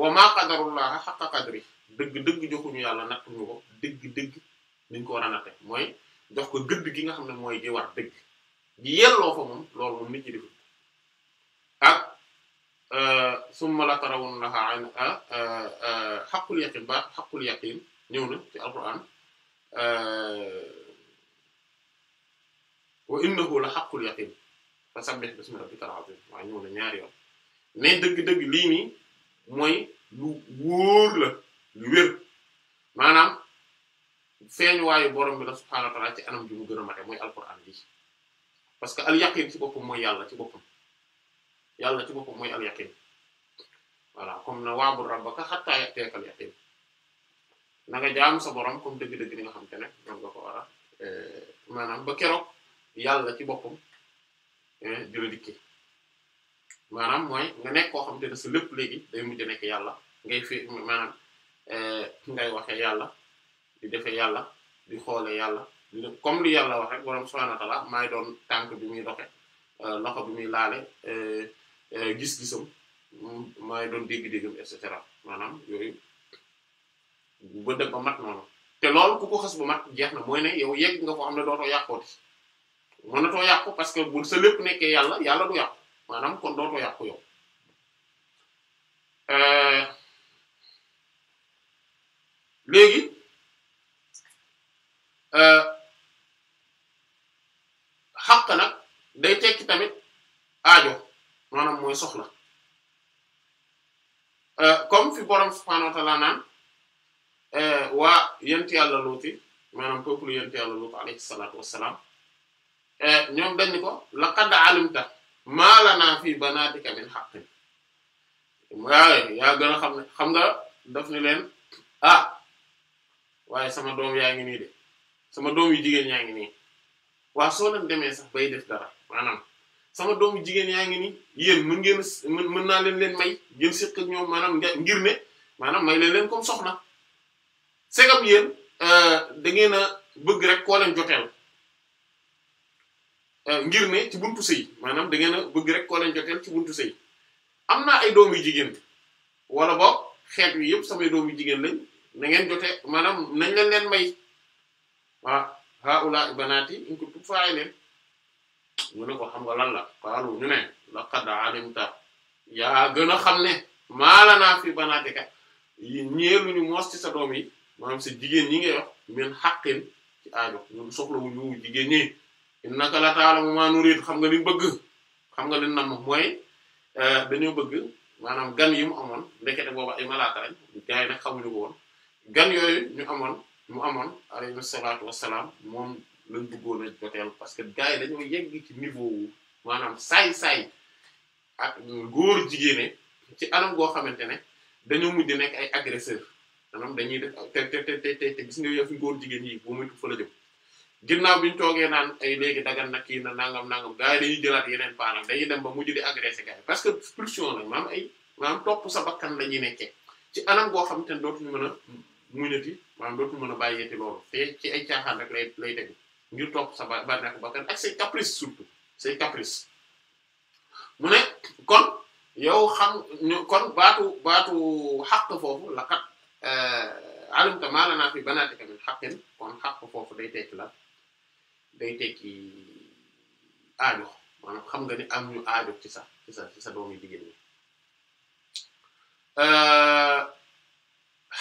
wa ma qadarullaha haqqa qadri dëgg dëgg joxuñu yàlla nattuñu ko dëgg dëgg niñ ko war a natte mooy jox ko gëdd gi nga xam ne mooy gi war dëgg gi yelloo fa moom loolu moom nit ci def ak euh, la tarawunnaha ah, euh, euh, haqqul yaqin ba haqqul ñëw na ci alquran wa innahu la haqqul yaqin fasabbih bismi rabbikal azim waaye ñëw na ñaari yoon mais dëgg-dëgg lii nii mooy lu wóor la lu wér maanaam feeñ waayu borom bi la subhaanahu wa ta'aala ci anam ju gën a mate mooy alquran lii parce que al yaqin ci boppam mooy yàlla ci boppam yàlla ci boppam mooy al yaqin voilà comme na waabul rabbaka hatta ya'tiyaka al yaqin na nga jaamu sa borom comme dëgg-dëgg li xam te ne ñoom nga ko eh, ba keroog yàlla ci boppam eh, di la dikki mooy nga nekk koo xam te ne sa léegi day mujj nekk yàlla ngay fi maanaam eh, ngay waxee yàlla di defee yàlla di xoole yàlla comme li yàlla wax rek borom subhaanahu wa ta'aala doon tànk bi muy doxe euh, loxo bi muy laale euh, euh, gis-gisam maay doon dégg-déggam et cetera maanaam yooyu ba ba mat noonu te loolu ku ko xas bu mat jeex na mooy ne yow yegg nga ko xam ne dootoo yàqooti mënatoo yàqu parce que bu sa lépp nekkee yàlla yàlla du yàqu maanaam kon dootoo yàqu yow léegi. xaq nag day tekki tamit aajo maanaam mooy soxla kom euh, fi borom subhaanahu wa ta'aala naan euh, waa yent yàlla luuti maanaam peuple yent yàlla luuti alayhi salaatu wassalaam euh, ñoom dañ ko laqad alimta maa lanaa fii banaatika min waaye yaa gën xam ne xam nga daf ni leen ah waaye sama doom yaa ngi nii de sama doom yu jigéen yaa ngi nii waaw soo leen demee sax bay def dara maanaam sama doomu jigéen yaa ngi nii yéen mën ngeen mën naa leen leen may ngeen séq ak ñoom maanaam ngir ne maanaam may leen leen comme soxna segam yéen euh, da ngeen a bëgg rek koo leen joteel euh, ngir ne ci buntu sëy maanaam da ngeen a bëgg rek koo leen joteel ci buntu sëy am naa ay doomu jigéen wala boog xeet wi yëpp samay doomu jigéen lañ na ngeen jote maanaam nañ leen leen may waaw haa'ulaa'i banaatii in kuntum faa'ileen mu ne ko xam nga lan la qaalu ñu ne laqad alimta yaa gën a xam ne maa lanaa fii banaatika ñeeluñu moos ci sa doom yi maanaam si jigéen ñi ngay wax min haqqin ci aajo ñun soxla wu ñu jigéen ñi innaka la ta'lamu maa nuriid xam nga li bëgg xam nga li nam mooy euh, dañoo bëgg maanaam gan yi mu amoon ndekete booba ay malaaka lañ gars yi nag xamuñu ko woon gan yooyu ñu amoon mu amoon alayhi salaatu wassalaam moom lañ bëggoon a joteel parce que gars yi dañoo yegg ci niveau maanaam saay-saay ak góor jigéene ci anam goo xamante ne dañoo mujj nekk ay agresseur maanaam dañuy def te te gis nga yëf góor jigéen yi boo moytu fa la jëm ginnaaw bi ñu toogee naan ay léegi dagan na kii na nangam nangam gars yi dañuy jëlaat yeneen paa nag dañuy dem ba mujj di agressé gars parce que pulsion la maam ay maanaam topp sa bakkan la ñuy nekkee ci anam goo xamante ne a muñati maanaam dootul mën a bàyyeeti loolu te ci ay caaxaan rek lay lay tegu ngir topp sa bànneexu bakkan ak say caprice surtout say caprice mu ne kon yow xam kon baatu baatu xaq foofu la kat eh, alimta maa lanaa fii banaatika min xaqin kon xaq foofu day tekki la day tekki aajo maanaam xam nga ni am ñu aajo ci sax ci sa ci sa doomi jigéen eh,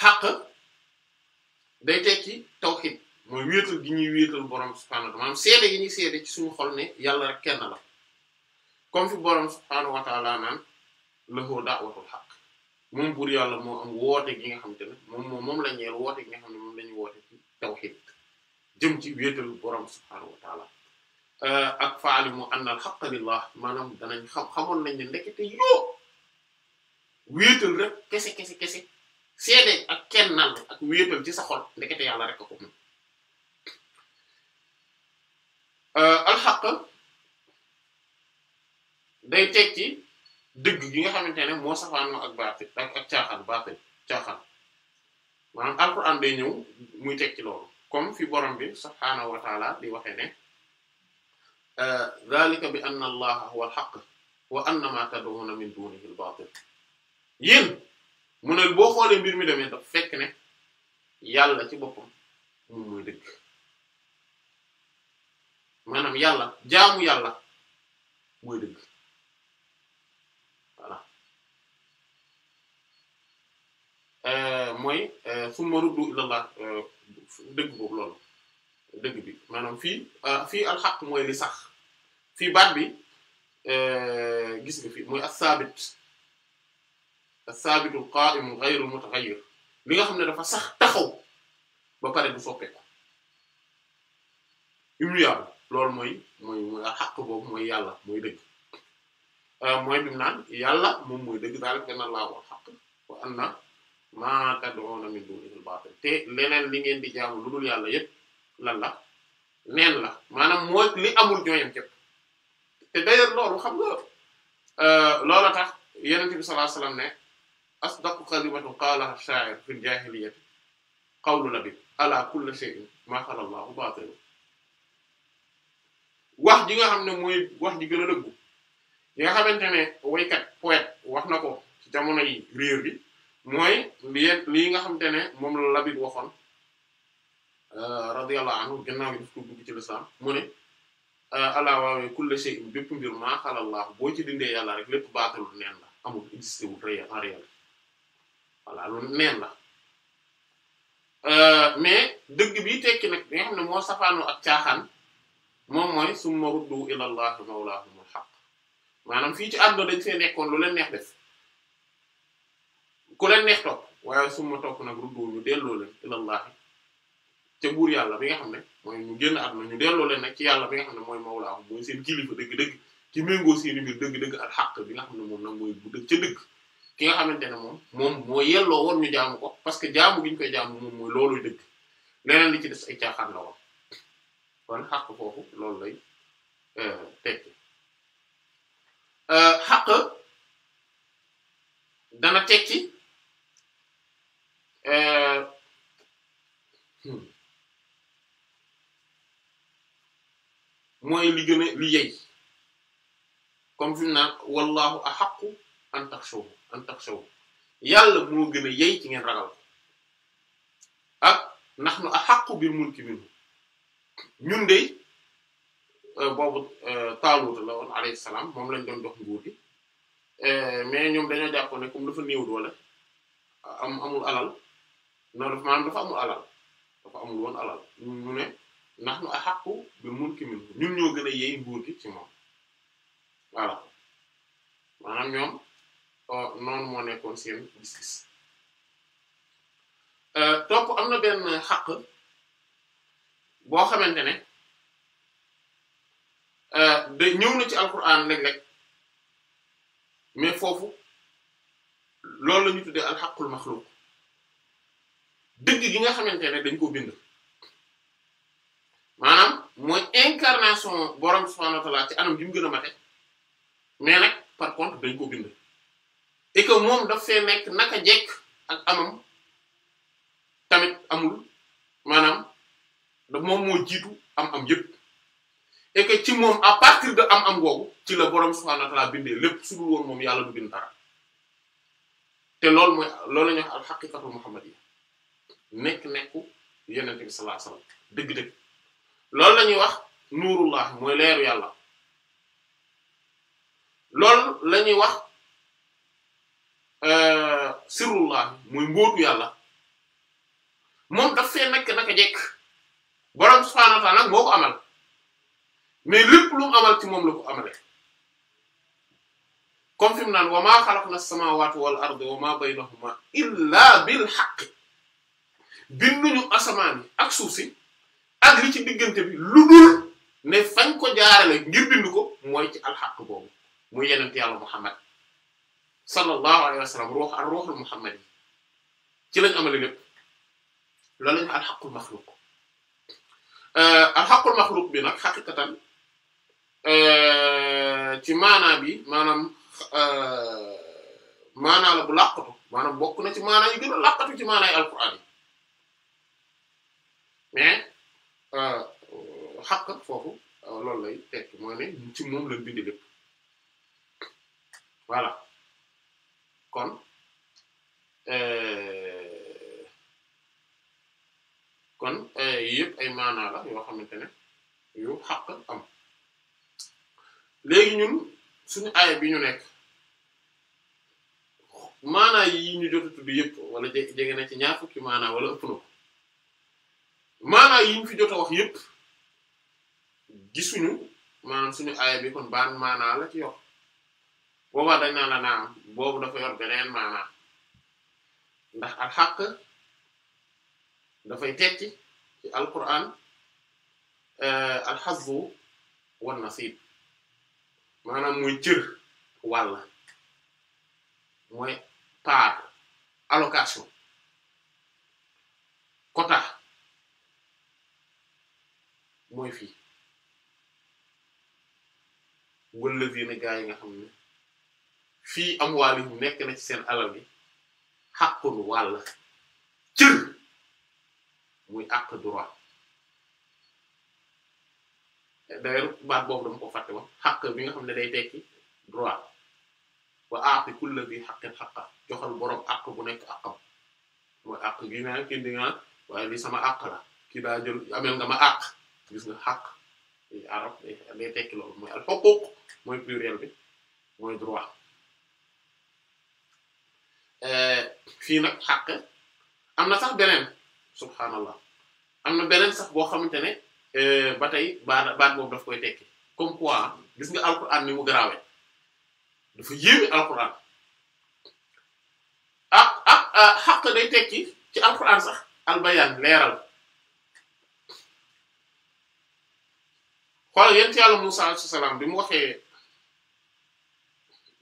xaq day tekki tawhid mooy wéetal gi ñuy wéetal borom subhanahu wa ta'ala maanaam seede gi ñuy seede ci suñu xol ne yàlla rek kenn la comme fi borom subhanahu wa ta'ala naan lahu da'watul haqq moom buur yàlla moo am woote gi nga xamante ne moom moom moom la ñeel woote gi nga xam ne moom la ñu woote ci tawhid jëm ci wéetal borom subhanahu wa ta'ala uh, ak faalimu anna al-haqqa lillah xam xamoon nañ ne ndekete yoo wéetal rek kese kese kese. seede ak kennal ak wéetal ci sa xol ndekete yàlla rek a ko mën alxaq day tekki dëgg gi nga xamante ne moo safaanoo ak baatil ak ak caaxaan baatil caaxaan maanaam alquran day ñëw muy tekki loolu comme fi borom bi subhaanahu wa taala di waxee ne dhalika bi anna allaha huwa alxaq wa anna ma tad'una min dunihi al baatil yéen mu ne boo xoolee mbir mi demee daf fekk ne yàlla ci boppam moom mooy dëgg maanaam yàlla jaamu yàlla mooy dëgg voilà euh, mooy euh, summa ruddu ilallah euh, dëgg boobu loolu dëgg bi maanaam fii fii alxaq mooy li sax fii baat bi gis nga fii mooy as-sabit as-saabitul a ghayrul mutaghayyir li nga xam ne dafa sax taxaw ba pare du soppeeku immuable loolu mooy mooy mooy xàq boobu mooy yàlla mooy dëgg euh, mooy bi mu naan yàlla moom mooy dëgg daal kenn laa wax xàq wa anna maa tad'uuna min duunihi al-baatil te leneen li ngeen di jaamu lu dul yàlla yépp lan la neen la maanaam mooy li amul jooyam képp te d'ailleurs loolu xam nga euh, loola tax yonent bi sallallahu alayhi wasallam ne. asdaqu kalimatin qaalaha ash-shaa'iru fi al-jaahiliyyati qawlu Labiid alaa kullu shay'in maa xalaa Allaahu wax ji nga xam ne mooy wax ji gën a dëggu yi nga xamante ne waykat poète wax na ko ci jamono yi réer bi mooy lii lii nga xamante ne moom la Labiid waxoon euh, radiyallahu anhu gannaaw yi daf ko dugg ci lislaam mu ne euh, alaa waawee kullu shay'in bépp mbir maa xalaa Allaahu boo ci dindee yàlla rek lépp baatilu neen la amul existé wul réel en réel voilà loolu neen la euh, mais dëgg bi tekki nag bi nga xam ne moo safaanoo ak caaxaan moom mooy summa ruddu ila allahi mawlaahumul haqq maanaam fii ci àdduna dañ see nekkoon lu leen neex def ku leen neex topp waaye summa topp nag ruddu ñu delloo leen ila allahi te buur yàlla bi nga xam ne mooy ñu génn àdduna ñu delloo leen nag ci yàlla bi nga xam ne mooy mawlaahum mooy seen kilifa dëgg-dëgg ci méngoo seeni mbir dëgg-dëgg al haqq bi nga xam ne moom nag mooy bu dëgg ca dëgg ki nga xamante ne moom moom moo yelloo woon ñu jaamu ko parce que jaamu bi ñu koy jaamu moom mooy loolu dëgg leneen li ci des ay caaxaan la woon kon xaq foofu loolu lay euh, tekki euh, dana tekki euh, hmm. mooy li gën a li naan wallahu axaqu an taxshuhu an taxshaw yàlla moo gën a yey ci ngeen ragal ko ak nahnu ahaqqu bil mulki minhu ñun de euh, boobu euh, Taalut la woon alayhi salaam moom lañ doon jox nguur gi euh, mais ñoom dañoo jàpp kom comme dafa néew doole am amul alal noonu dafa maanaam dafa amul alal dafa amul woon alal ñu ne nahnu ahaqqu bil mulki ñun ñoo gën a nguur gi ci moom voilà maanaam ñoom. noonu moo nekkoon seen gis-gis topp euh, am na benn xaq boo xamante ne euh, da ñëw na ci alquran léeg-léeg mais foofu loolu la ñu tuddee alxaqul maxluq dëgg gi nga xamante ne dañ koo bind maanaam mooy incarnation borom subhanahu wa ta'ala ci anam bi mu gën a mate mais nag par contre dañ ko bind et moom daf fee nekk naka jekk ak amam tamit amul maanaam da moom moo jiitu am-am yépp et ci moom à partir de am-am googu ci la borom subhaanahu wa ta'aala bindee lépp su woon moom yàlla du bind dara te loolu mooy loolu la wax al-haqiqatu muhammadiyya nekk nekku yonent bi sallallahu alayhi wasallam dëgg-dëgg loolu lañuy ñuy wax nuurullah mooy leeru yàlla loolu la wax. Euh, sirullah muy mbóotu yàlla moom daf fee nekk naka jekk borom subhaanahu wa ta'aala moo ko amal mais lépp lu amal ci moom la ko amale comme fi mu naan wa maa xalaqna as-samaawaati wal arda wa maa baynahumaa illaa bil haqq binduñu asamaan yi ak suuf si ak li ci diggante bi lu dul ne fañ ko jaarale ngir bind ko mooy ci alxaq boobu muy yenent yàlla Muhammad sallallahu alayhi wa sallam ruux ak ruuxul muhammad yi ci lañ amale lépp loolu lañ alxaqul maxluq euh, alxaqul maxluq bi nag xaqiqatan euh, ci maanaa bi maanaam euh, la bu làqatu maanaam bokk na ci maanaa yu gën ci maanaa yi alquran yi mais xaq foofu loolu lay tekk mooy ne ci moom lañ bind lépp voilà kon e, kon e, yëpp ay maana la yoo xamante ne yu xaq am léegi ñun suñu aaya bi ñu nekk maanaa yi ñu jot a tudd yëpp wala jege na ci ñaar fukki maanaa wala ëpp na ko maanaa fi jot wax yëpp gisuñu maanaam suñu aaya bi kon baan maanaa la ci yokk boobaa dañ naan la naam boobu dafa yor beneen ndax al xaq dafay tekki ci alquran al eh, hazzu wan nasib maanaam mooy cër wàll mooy part allocation quota mooy fii wëllëg yi ne gaa nga xam ne fii am waali bu nekk na ci seen alal bi xàqul wàll cër muy àq droit d'ailleurs baat boo dama ko fàtte wax xàq bi nga xam ne day tekki droit wa aati kulla bi joxal boroom àq bu nekk àqam mooy àq gi naa kii di nga waaye li sama àq la kii daa jël amel nga ma àq gis nga xaq arab day tekki loolu mooy al xuquq mooy pluriel bi mooy droit Eh, fii nag xàq am na sax beneen subhaanallah am na beneen sax boo xamante ne eh, ba tey baat baat boobu daf koy tekki comme quoi gis nga alquran ni mu garaawee dafa yéeme alquran ah, ah ah xàq day tekki ci alquran sax albayaan leeral xoolal yent yàlla Musaa alayhi salaam bi mu waxee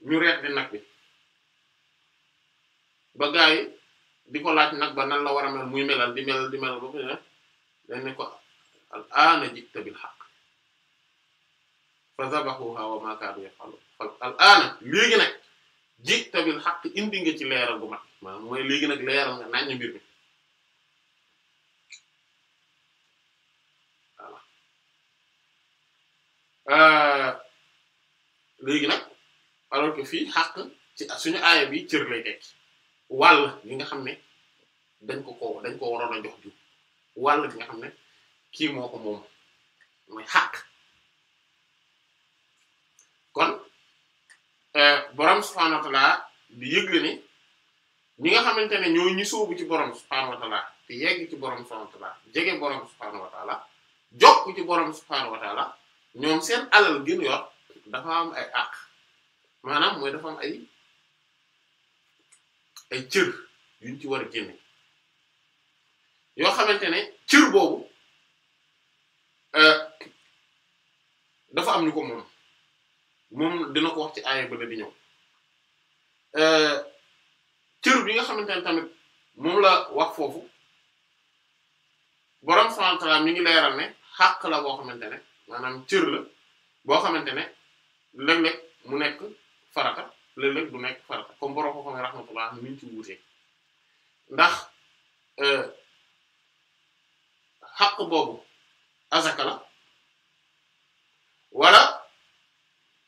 mu reet di nag bi ba gars di ko nag ba nan la war mel muy melal di melal di melal ba ne dañ ne ko al aana jikta bil haqq fa zabahuha wa ma kaanu al aana léegi nag jikta bil haqq indi nga ci leeral bu mat maanaam mooy léegi nag leeral nga naññ mbir mi euh, léegi nag alors que fii xàq ci suñu aaya bi cër lay tekki wàll bi nga xam ne dañ ko ko dañ ko waroon a jox jiw wàll gi nga xam ne kii moo ko moom mooy xàq kon euh, borom subhaanahu wa ta'aala di yëgle ni ñi nga xamante ne ñoo ñi sóobu ci borom subhaanahu wa ta'aala te yegg ci borom subhaanahu wa ta'aala jege borom subhaanahu ci borom subhaanahu wa ñoom seen alal gën yor dafa am ay àq maanaam mooy dafa am ay. ay cër yuñ ci war a génne yoo xamante ne cër boobu euh, dafa am ñu ko moom moom dina ko wax ci aaya ba la di ñëw euh, cër bi nga xamante ne tamit moom la wax foofu borom subhanahu mi ngi leeral ne xàq la boo xamante ne maanaam cër la boo xamante ne léeg-léeg mu nekk farata léeg-léeg du nekk farata comme borom ko xamee rahmatullah ni ñu ci wuutee ndax euh, xaq boobu azaka la wala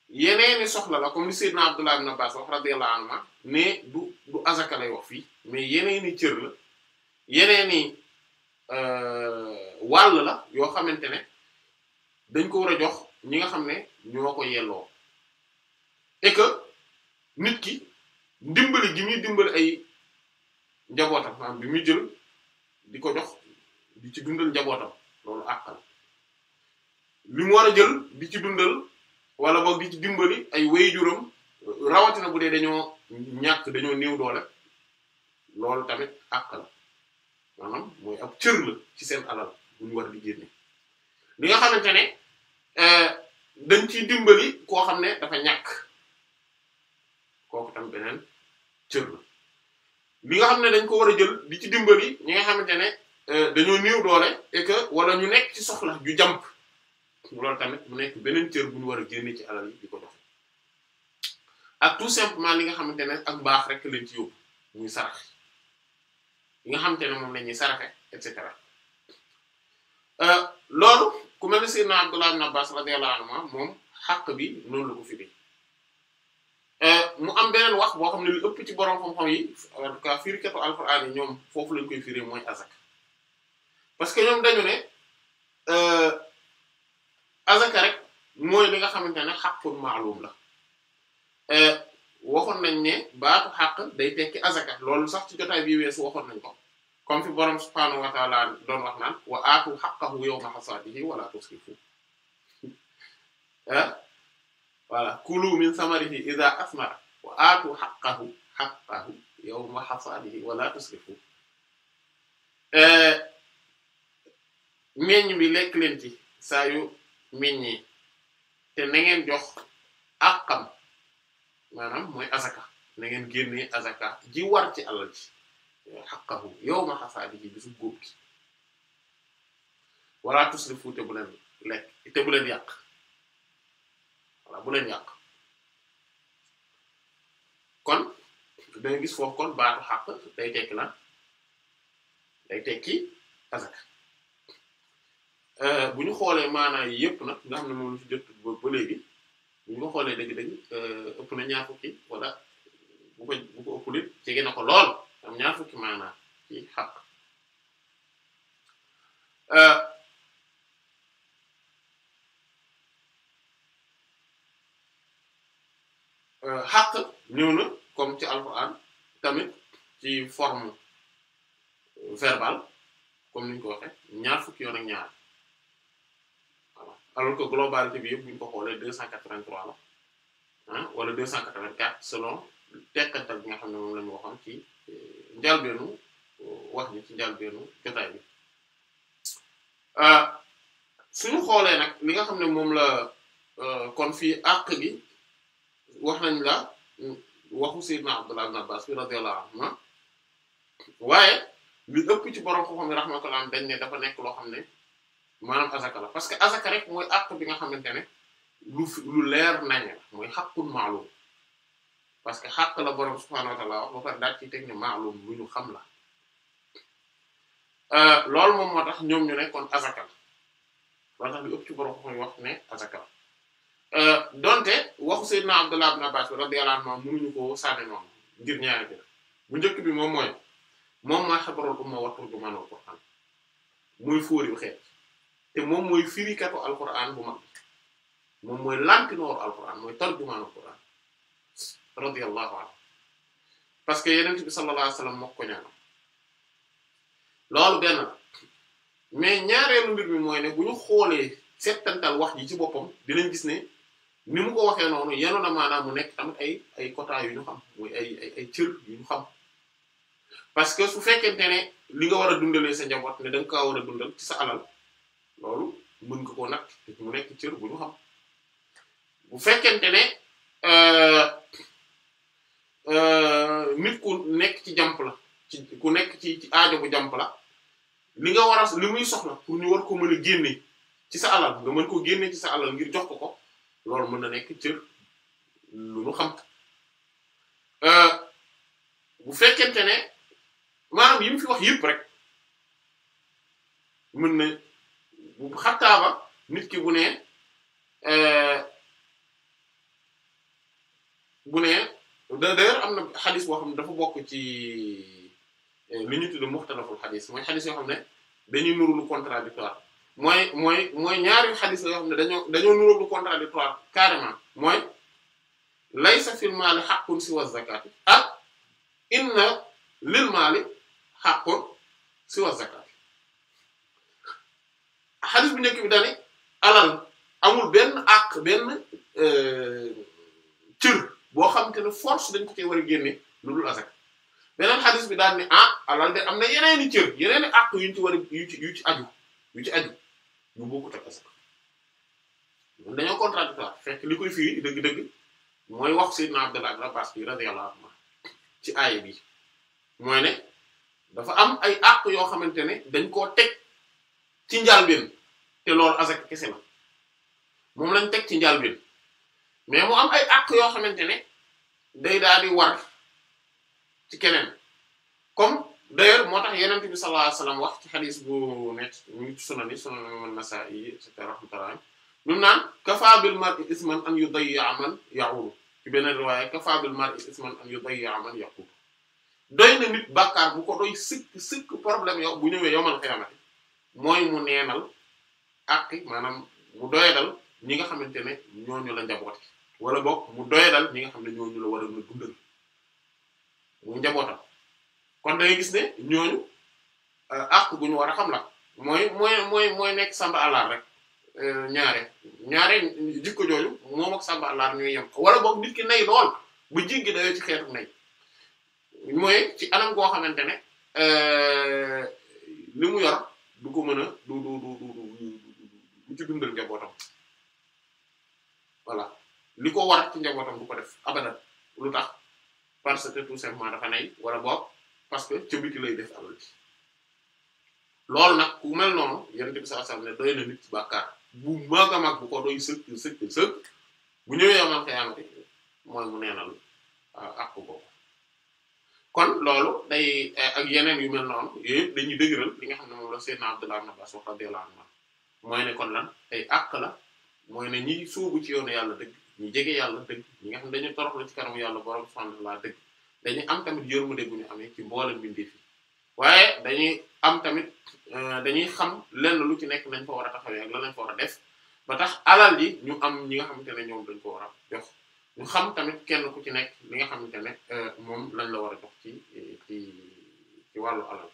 yeneeni soxla la comme li Seydina Abdullah ibn Abbas wax radiyallahu anhu ne du azaka lay wax fii mais yeneeni cër la yeneeni euh, wàll la yoo xamante ne dañ ko war a jox ñi nga xam ne ñoo ko yelloo et nit ki ndimbali gi muy dimbali ay njabootam maanaam bi muy jël di ko jox di ci dundal njabootam loolu àq la li war a jël di ci dundal wala boog di ci dimbali ay waajuram rawatina bu dee dañoo ñàkk dañoo néew doole loolu tamit àq la maanaam mooy ab cër ci seen alal bu war di génne li nga xamante ne eh, dañ ciy dimbali koo xam ne dafa ñàkk. kooku tam beneen cër la li nga xam ne dañ ko war a jël di ci dimbali ñi nga xamante ne euh, dañoo néew doole et que ñu nekk ci soxla ju jàmp loolu tamit mu nekk beneen cër bu ñu war a génne ci alal yi di ko dox ak tout simplement li nga xamante ne ak baax rek lañ ci yóbbu muy sarax yi nga xamante ne moom la ñuy saraxe et cetera euh, loolu ku mel na Sayyidina Abdullah ibn Abbas radiyallahu anhu moom xaq bi noonu la ko fi dee mu am benen wax bo xamne lu upp ci borom xam-xam yi en tout cas firikatu alquran alcorane ñom fofu lañ koy firé moy azaka parce que ñom dañu ne euh azaka rek moy li nga xamantene ne xaqul maalum la waxon nañ ne baatu xaq day tekki azaka loolu sax ci jotay bi wess waxon nañ ko comme fi borom subhanahu wa taala doon wax naan wa aatu haqqahu yawma hasaadihi wala tusrifu ah voilà kulu min samarihi idha asmara wa aatu haqqahu haqqahu yawma hasadihi tusrifu eh, meññ bi lekk leen ci saa yu meññee te na ngeen jox àqam maanaam mooy azaka na ngeen génnee azaka ji ci alal ci haqqahu yawma hasadihi bisu góob wala tusrifu te lekk te bu yàq voilà bu leen ñàkk kon danga gis foofu kon baatu xàq day tekki lan day tekki azak euh, bu ñu xoolee maanaam yépp nag nga xam ne moom la fi jot ba léegi bu ñu xoolee dëgg-dëgg euh, ëpp na ñaar fukki wala bu ko bu ko ëppul jege na ko lool am ñaar fukki maanaam ci Euh, xàq ñëw na comme ci alquran tamit ci forme verbale comme ni ko waxee ñaar fukki yoon ak ñaar voilà alors que globalité bi yëpp bu ñu ko xoolee deux cent quatre-vingt-trois la wala deux cent quatre-vingt-quatre selon tekkatal bi nga xam ne moom la ñu waxoon ci euh, njëlbéenu euh, wax ni ci njëlbéenu jotaay bi suñu xoolee nag li nga xam ne moom la kon fii àq gi wax nañ la waxu Seydina Abdullah ibn Abbas bi radiyallahu anhuma ah. waaye li ëpp ci borom xam-xam yi rahmatullah dañ ne dafa nekk loo xam ne maanaam azaka la parce que azaka rek mooy àq bi nga xamante ne lu lu leer nañ la mooy xaqul maalum parce que xaq la borom subhaanahu wa wax ba daal ci teg ne maalum lu ñu xam la euh, loolu moom moo tax ñoom ñu ne kon azaka la moo tax ëpp ci borom xam-xam ne azaka Euh, donte waxu Seydina Abdullah ibn Abbas radiyallahu anhu mënuñu koo sànni noonu ngir ñaari bi bu njëkk bi moom mooy moom maa xabarul umma wa turjumaanul Qur'an mooy fóori xeet te moom mooy firikatu Alqur'an bu mag moom mooy lantinoor Alqur'an mooy tarjumaanul Qur'an radiyallahu anhu parce que Yonent bi sallallahu alayhi wa moo ko ñaanal loolu benn mais ñaareelu mbir mi mooy ne bu ñu xoolee settantal wax ji ci boppam dinañ gis ne. ni mu ko waxee noonu yenu na maanaam mu nekk tamit ay ay quota yu ñu xam muy ay ay ay cër yu ñu xam parce que su fekkente ne li nga war a dundalee sa njaboot ne da nga kaa war a dundal ci sa alal loolu mën nga koo nag mu nekk cër bu ñu xam bu fekkente ne euh, euh, nit ku nekk ci jàmp la ci ku nekk ci ci aajo bu jàmp la li nga war a li muy soxla pour ñu war ko mën a génne ci sa alal nga mën ko génne ci sa alal ngir jox ko ko loolu mën na nekk cër lu nu xam bu fekkente ne maanaam yi mu fi wax yëpp rek mën na bu xattaaba nit ki bu ne bu ne d'ailleurs am na xadis boo xam ne dafa bokk ci li ñu tudd muxtalaful xadis mooy xadis yoo xam ne dañuy nuru lu contradictoire mooy mooy mooy ñaari xadis la yoo xam ne dañoo dañoo nuróog lu contradictoire carrément mooy laysa fil maali haqqun siwa zakati ak inna lil maali haqqun siwa zakati xadis bu njëkk bi dani alal amul benn àq benn euh, cër boo xam te ne force dañ ko cee war a génne lu dul azak beneen xadis bi daal ni ah alal de am na yeneeni cër yeneeni àq yu ñu ci war yu ci yu ci aju yu ci aju bu bokkut ak asaka dañoo contradictoire fekk li koy firi dëgg-dëgg mooy wax Sayyidina Abdullah ibn Abbas bi radiyallahu anhu ci aaya bi mooy ne dafa am ay àq yoo xamante ne dañ koo teg ci njàlbéen te loolu asse kese la moom lañ teg ci njàlbéen mais mu am ay àq yoo xamante ne day daal di war ci keneen comme d'ailleurs moo tax yeneen bi sallallahu alayhi wasallam wax ci xadis bu nekk mu ngi ci sunan yi sunan imam Nasaa'i et cetera rahmatullah mu naan kafaa bil mar'i isman an yudayyi'a man ya'udu ci beneen riwaaya kafaa bil mar'i isman an yudayyi'a man yaqulu doy na nit bàkkaar bu ko doy sikk sikk problème yow bu ñëwee yowmal xiyaamati mooy mu neenal ak maanaam mu doyadal ñi nga xamante ne ñooñu la njaboote wala boog mu doyadal ñi nga xam ne ñooñu la war a dundal mu njabootam kon da gis ne ñooñu euh, àq gu ñu war a xam la mooy mooy mooy mooy nekk samba àllar rek euh, ñaare ñaare jikko jooju moom ak samba àllar ñooy yem wala boog nit nay lool bu jéggi dayoo ci xeetu nay mooy ci anam goo xamante ne euh, li mu yor du ko mën a du du du du du ci dundal njabootam voilà li ko war ci njabootam du ko def abadan lu tax parce que tout simplement dafa nay wala boog. parce que ca biti lay def alal ji loolu nag ku mel noonu yonent bi sallallahu alayhi ne doy na nit ci bàkkaar bu mag a mag bu ko doy sëkk sëkk sëkk bu ñëwee amal xiyaamati mooy mu neenal ah, àqu boobu kon loolu day eh, ak yeneen yu mel noonu yooyu dañuy dëgëral li nga xam ne moom la Seydina Abdullah ibn kon lan ay àq la mooy ne ñi sóobu ci yoonu yàlla dëgg ñu jege yàlla dëgg ñi nga xam ne dañu torox la ci kanamu yàlla borom subhanahu wa ta'ala dëgg dañuy am tamit yërmande bu ñu amee ci mboolem mbindeef yi waaye dañuy am tamit euh, dañuy xam lenn lu ci nekk nañ fa war a taxawee ak lan lañ fa war a def ba tax alal yi ñu am ñi nga xamante ne ñoom dañ ko war a jox ñu xam tamit kenn ku ci nekk li nga xamante ne euh, moom lañ la war a jox ci ci ci wàllu alal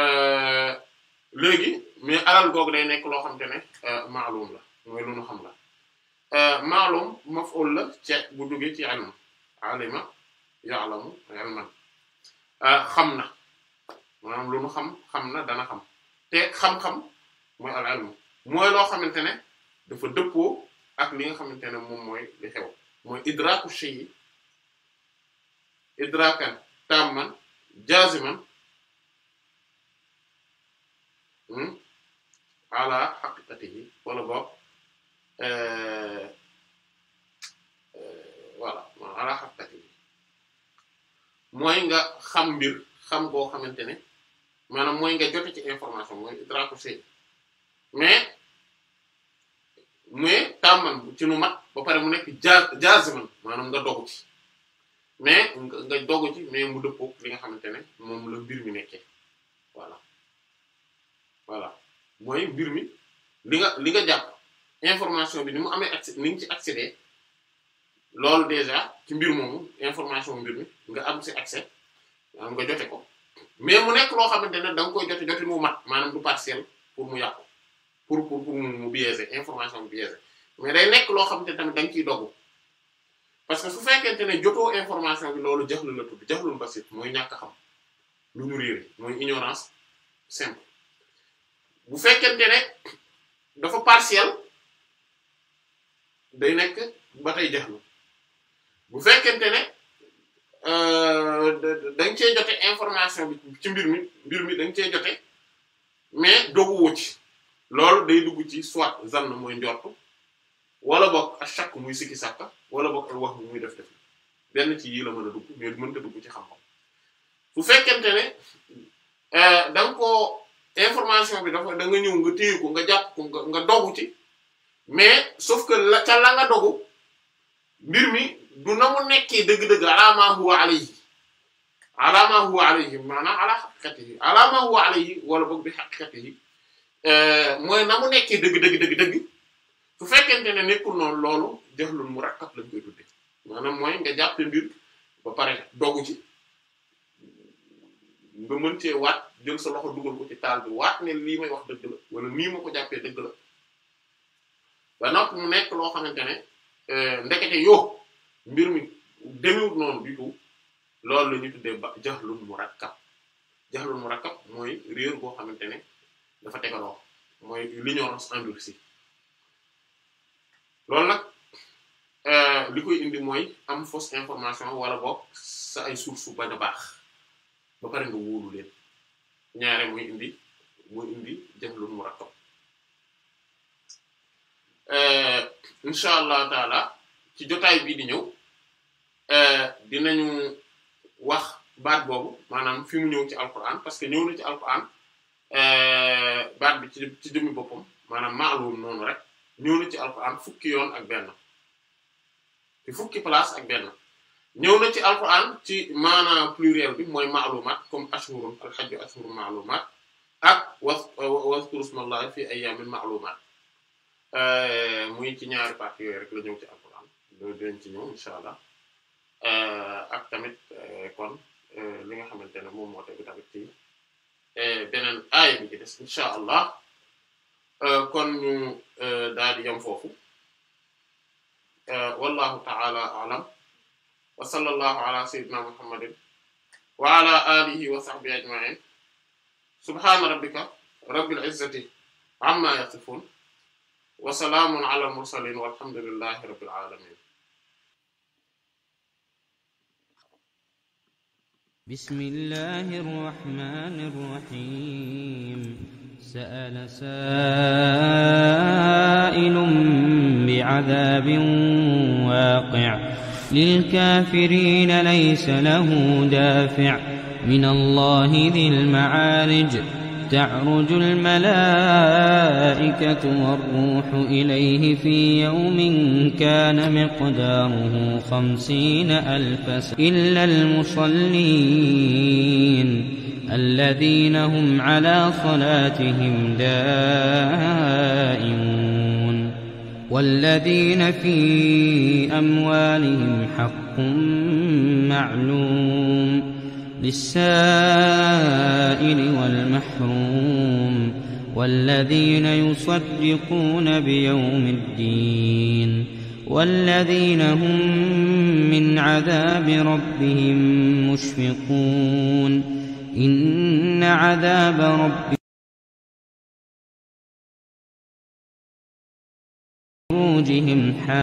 euh, léegi mais alal googu day nekk loo xamante ne maalum la mooy lu ñu xam la maalum maf'ul la ci bu duggee ci alma ya'lamu euh, ilman xam na maanaam lu nu xam xam na dana xam te xam-xam mooy al ilmu mooy loo xamante ne dafa dëppoo ak li nga xamante ne moom mooy li xew mooy idraku shay'i idrakan tamman jaziman hmm, ala haqiqatihi wala boog euh, euh, voilà ala mooy nga xam mbir xam boo xamante ne maanaam mooy nga jote ci information mooy idraku shay mais mais tàmman ci nu mat ba pare mu nekk jaz jaziman maanaam nga dogu ci mais nga dogu ci mais mu dëppoo li nga xamante ne moom la mbir mi nekkee voilà voilà mooy mbir mi li nga li nga jàpp information bi ni mu amee accès ni nga ci accéder loolu déjà ci mbir moomu information mbir mi nga am si accès nga jote ko mais mu nekk loo xamante ne da nga koy jote jote mu mat maanaam du partiel pour mu yàqu pour pour pour mu biaisé information biaisé mais day nekk loo xam ne tamit da nga ciy dogu parce que su fekkente ne jotoo information bi loolu jaxlu la tudd jaxlul basit mooy ñàkk xam lu ñu réer mooy ignorance simple bu fekkente ne dafa partiel day nekk ba tey jaxlu bu fekkente ne euh, dañ cee jote information bi ci mbir mi mbir mi dañ cee jote mais doguwoo ci loolu day dugg ci soit zann mooy njort wala bokk ak shakk muy wala bokk ak wax muy def benn ci yii la a dugg mais du mënta dugg ci xam-xam bu fekkente ne euh, da nga ko information bi dafa da nga ñëw nga téye nga jàpp ko nga dogu ci mais sauf que la ca mbir mi du na mu nekkee dëgg-dëgg ala ma huwa alayhi ala ma huwa alayhi maanaam ala haqiqatihi ala ma huwa alayhi wala boog bi haqiqatihi euh, mooy na mu nekkee dëgg dëgg dëgg su fekkente ne nekkul noonu loolu jahlul mu lañ koy tudde mooy nga jàppe mbir ba pare dogu ci nga mën cee waat jël sa loxo dugal ko ci taal bi waat ne lii may wax dëgg la wala nii ma ko jàppee dëgg la ba noppi mu nekk loo xamante ne euh, ndekete yoo mbir mi demewut noonu du tout loolu la tuddee ba jaxlun murakkab jaxlun murakkab mooy réer boo xamante ne dafa tegaloo mooy l'ignorance endurcie loolu nag euh, li koy indi mooy am fausse information wala boog sax ay suuf ba da baax ba pare nga wóolu leen ñaare mooy indi mooy indi jaxlun murakkab euh, incha allah taala ci jotaay bii di ñëw euh, dinañu wax baat boobu maanaam fi mu ñëw ci alquran parce que ñëw na ci alquran euh, baat bi ci ci jëmmi boppam maanaam maalum noonu rek ñëw na ci alquran fukki yoon ak benn ci fukki place ak benn ñëw na ci alquran ci maanaam pluriel bi mooy maalumaat comme ashhurun al hajju ashhurun maalumaat ak was waskurusmallahi fi ayyamin maalumaat euh, muy ci ñaari parties yooyu rek la ñëw ci am loolu dinañ ci ñëw incha allah ak tamit kon li nga xamante ne moom moo tegu tamit ci beneen aaya bi ci des incha allah kon ñu daal di yem foofu wallahu ta'ala a'lam wa sallallahu ala sayyidina muhammadin wa ala alihi wa sahbihi ajma'in subhana rabbika rabbil izzati amma yasifun wa salaamun ala al mursalin walhamdulillahi rabbil alamin بسم الله الرحمن الرحيم سأل سائل بعذاب واقع للكافرين ليس له دافع من الله ذي المعارج تعرج الملائكة والروح إليه في يوم كان مقداره خمسين ألف سنة إلا المصلين الذين هم على صلاتهم دائمون والذين في أموالهم حق معلوم للسائل والمحروم والذين يصدقون بيوم الدين والذين هم من عذاب ربهم مشفقون إن عذاب ربهم خروجهم حال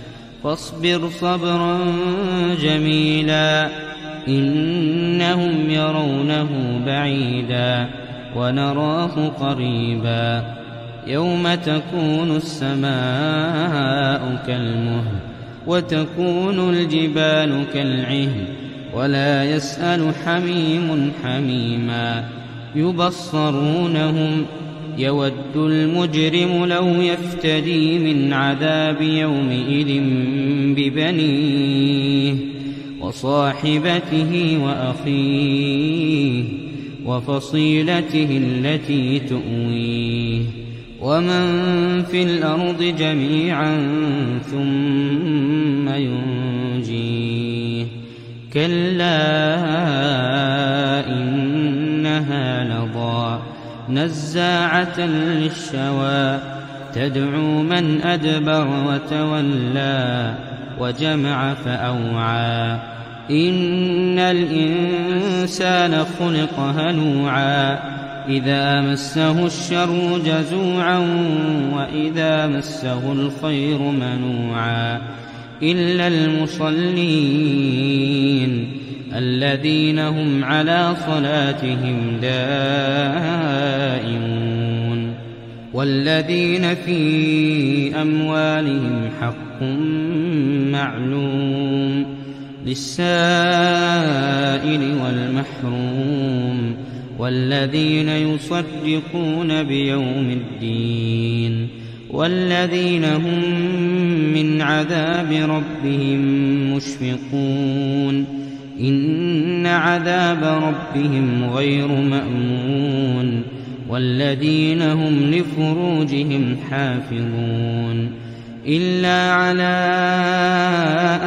فاصبر صبرا جميلا إنهم يرونه بعيدا ونراه قريبا يوم تكون السماء كالمهل وتكون الجبال كالعهن ولا يسأل حميم حميما يبصرونهم يود المجرم لو يفتدي من عذاب يومئذ ببنيه وصاحبته وأخيه وفصيلته التي تؤويه ومن في الأرض جميعا ثم ينجيه كلا إنها لَظَى نزاعة للشوى تدعو من أدبر وتولى وجمع فأوعى إن الإنسان خلق هلوعا إذا مسه الشر جزوعا وإذا مسه الخير منوعا إلا المصلين الذين هم على صلاتهم دائمون والذين في أموالهم حق معلوم للسائل والمحروم والذين يصدقون بيوم الدين والذين هم من عذاب ربهم مشفقون إن عذاب ربهم غير مأمون والذين هم لفروجهم حافظون إلا على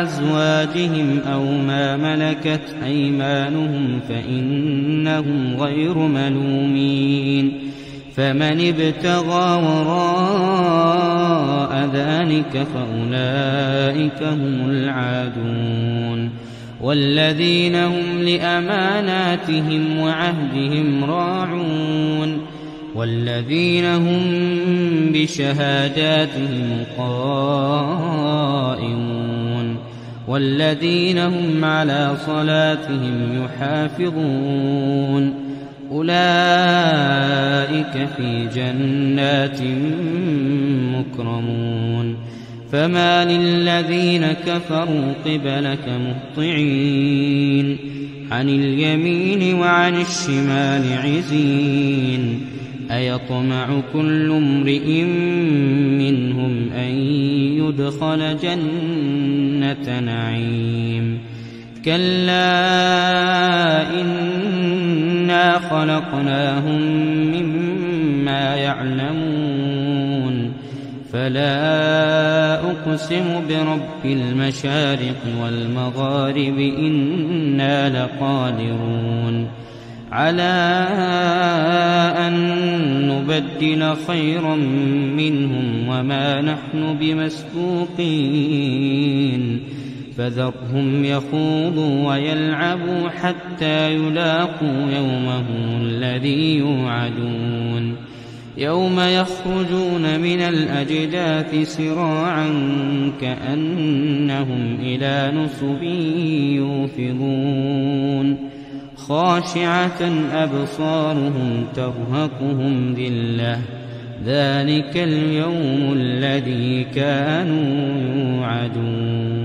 أزواجهم أو ما ملكت أيمانهم فإنهم غير ملومين فمن ابتغى وراء ذلك فأولئك هم العادون والذين هم لأماناتهم وعهدهم راعون والذين هم بشهاداتهم قائمون والذين هم على صلاتهم يحافظون أولئك في جنات مكرمون فما للذين كفروا قبلك مهطعين عن اليمين وعن الشمال عزين أيطمع كل امرئ منهم أن يدخل جنة نعيم كلا إنا خلقناهم مما يعلمون فلا أقسم برب المشارق والمغارب إنا لقادرون على أن نبدل خيرا منهم وما نحن بمسبوقين فذرهم يخوضوا ويلعبوا حتى يلاقوا يومهم الذي يوعدون يوم يخرجون من الأجداث سراعا كأنهم إلى نصب يوفضون خاشعة أبصارهم ترهقهم ذلة ذلك اليوم الذي كانوا يوعدون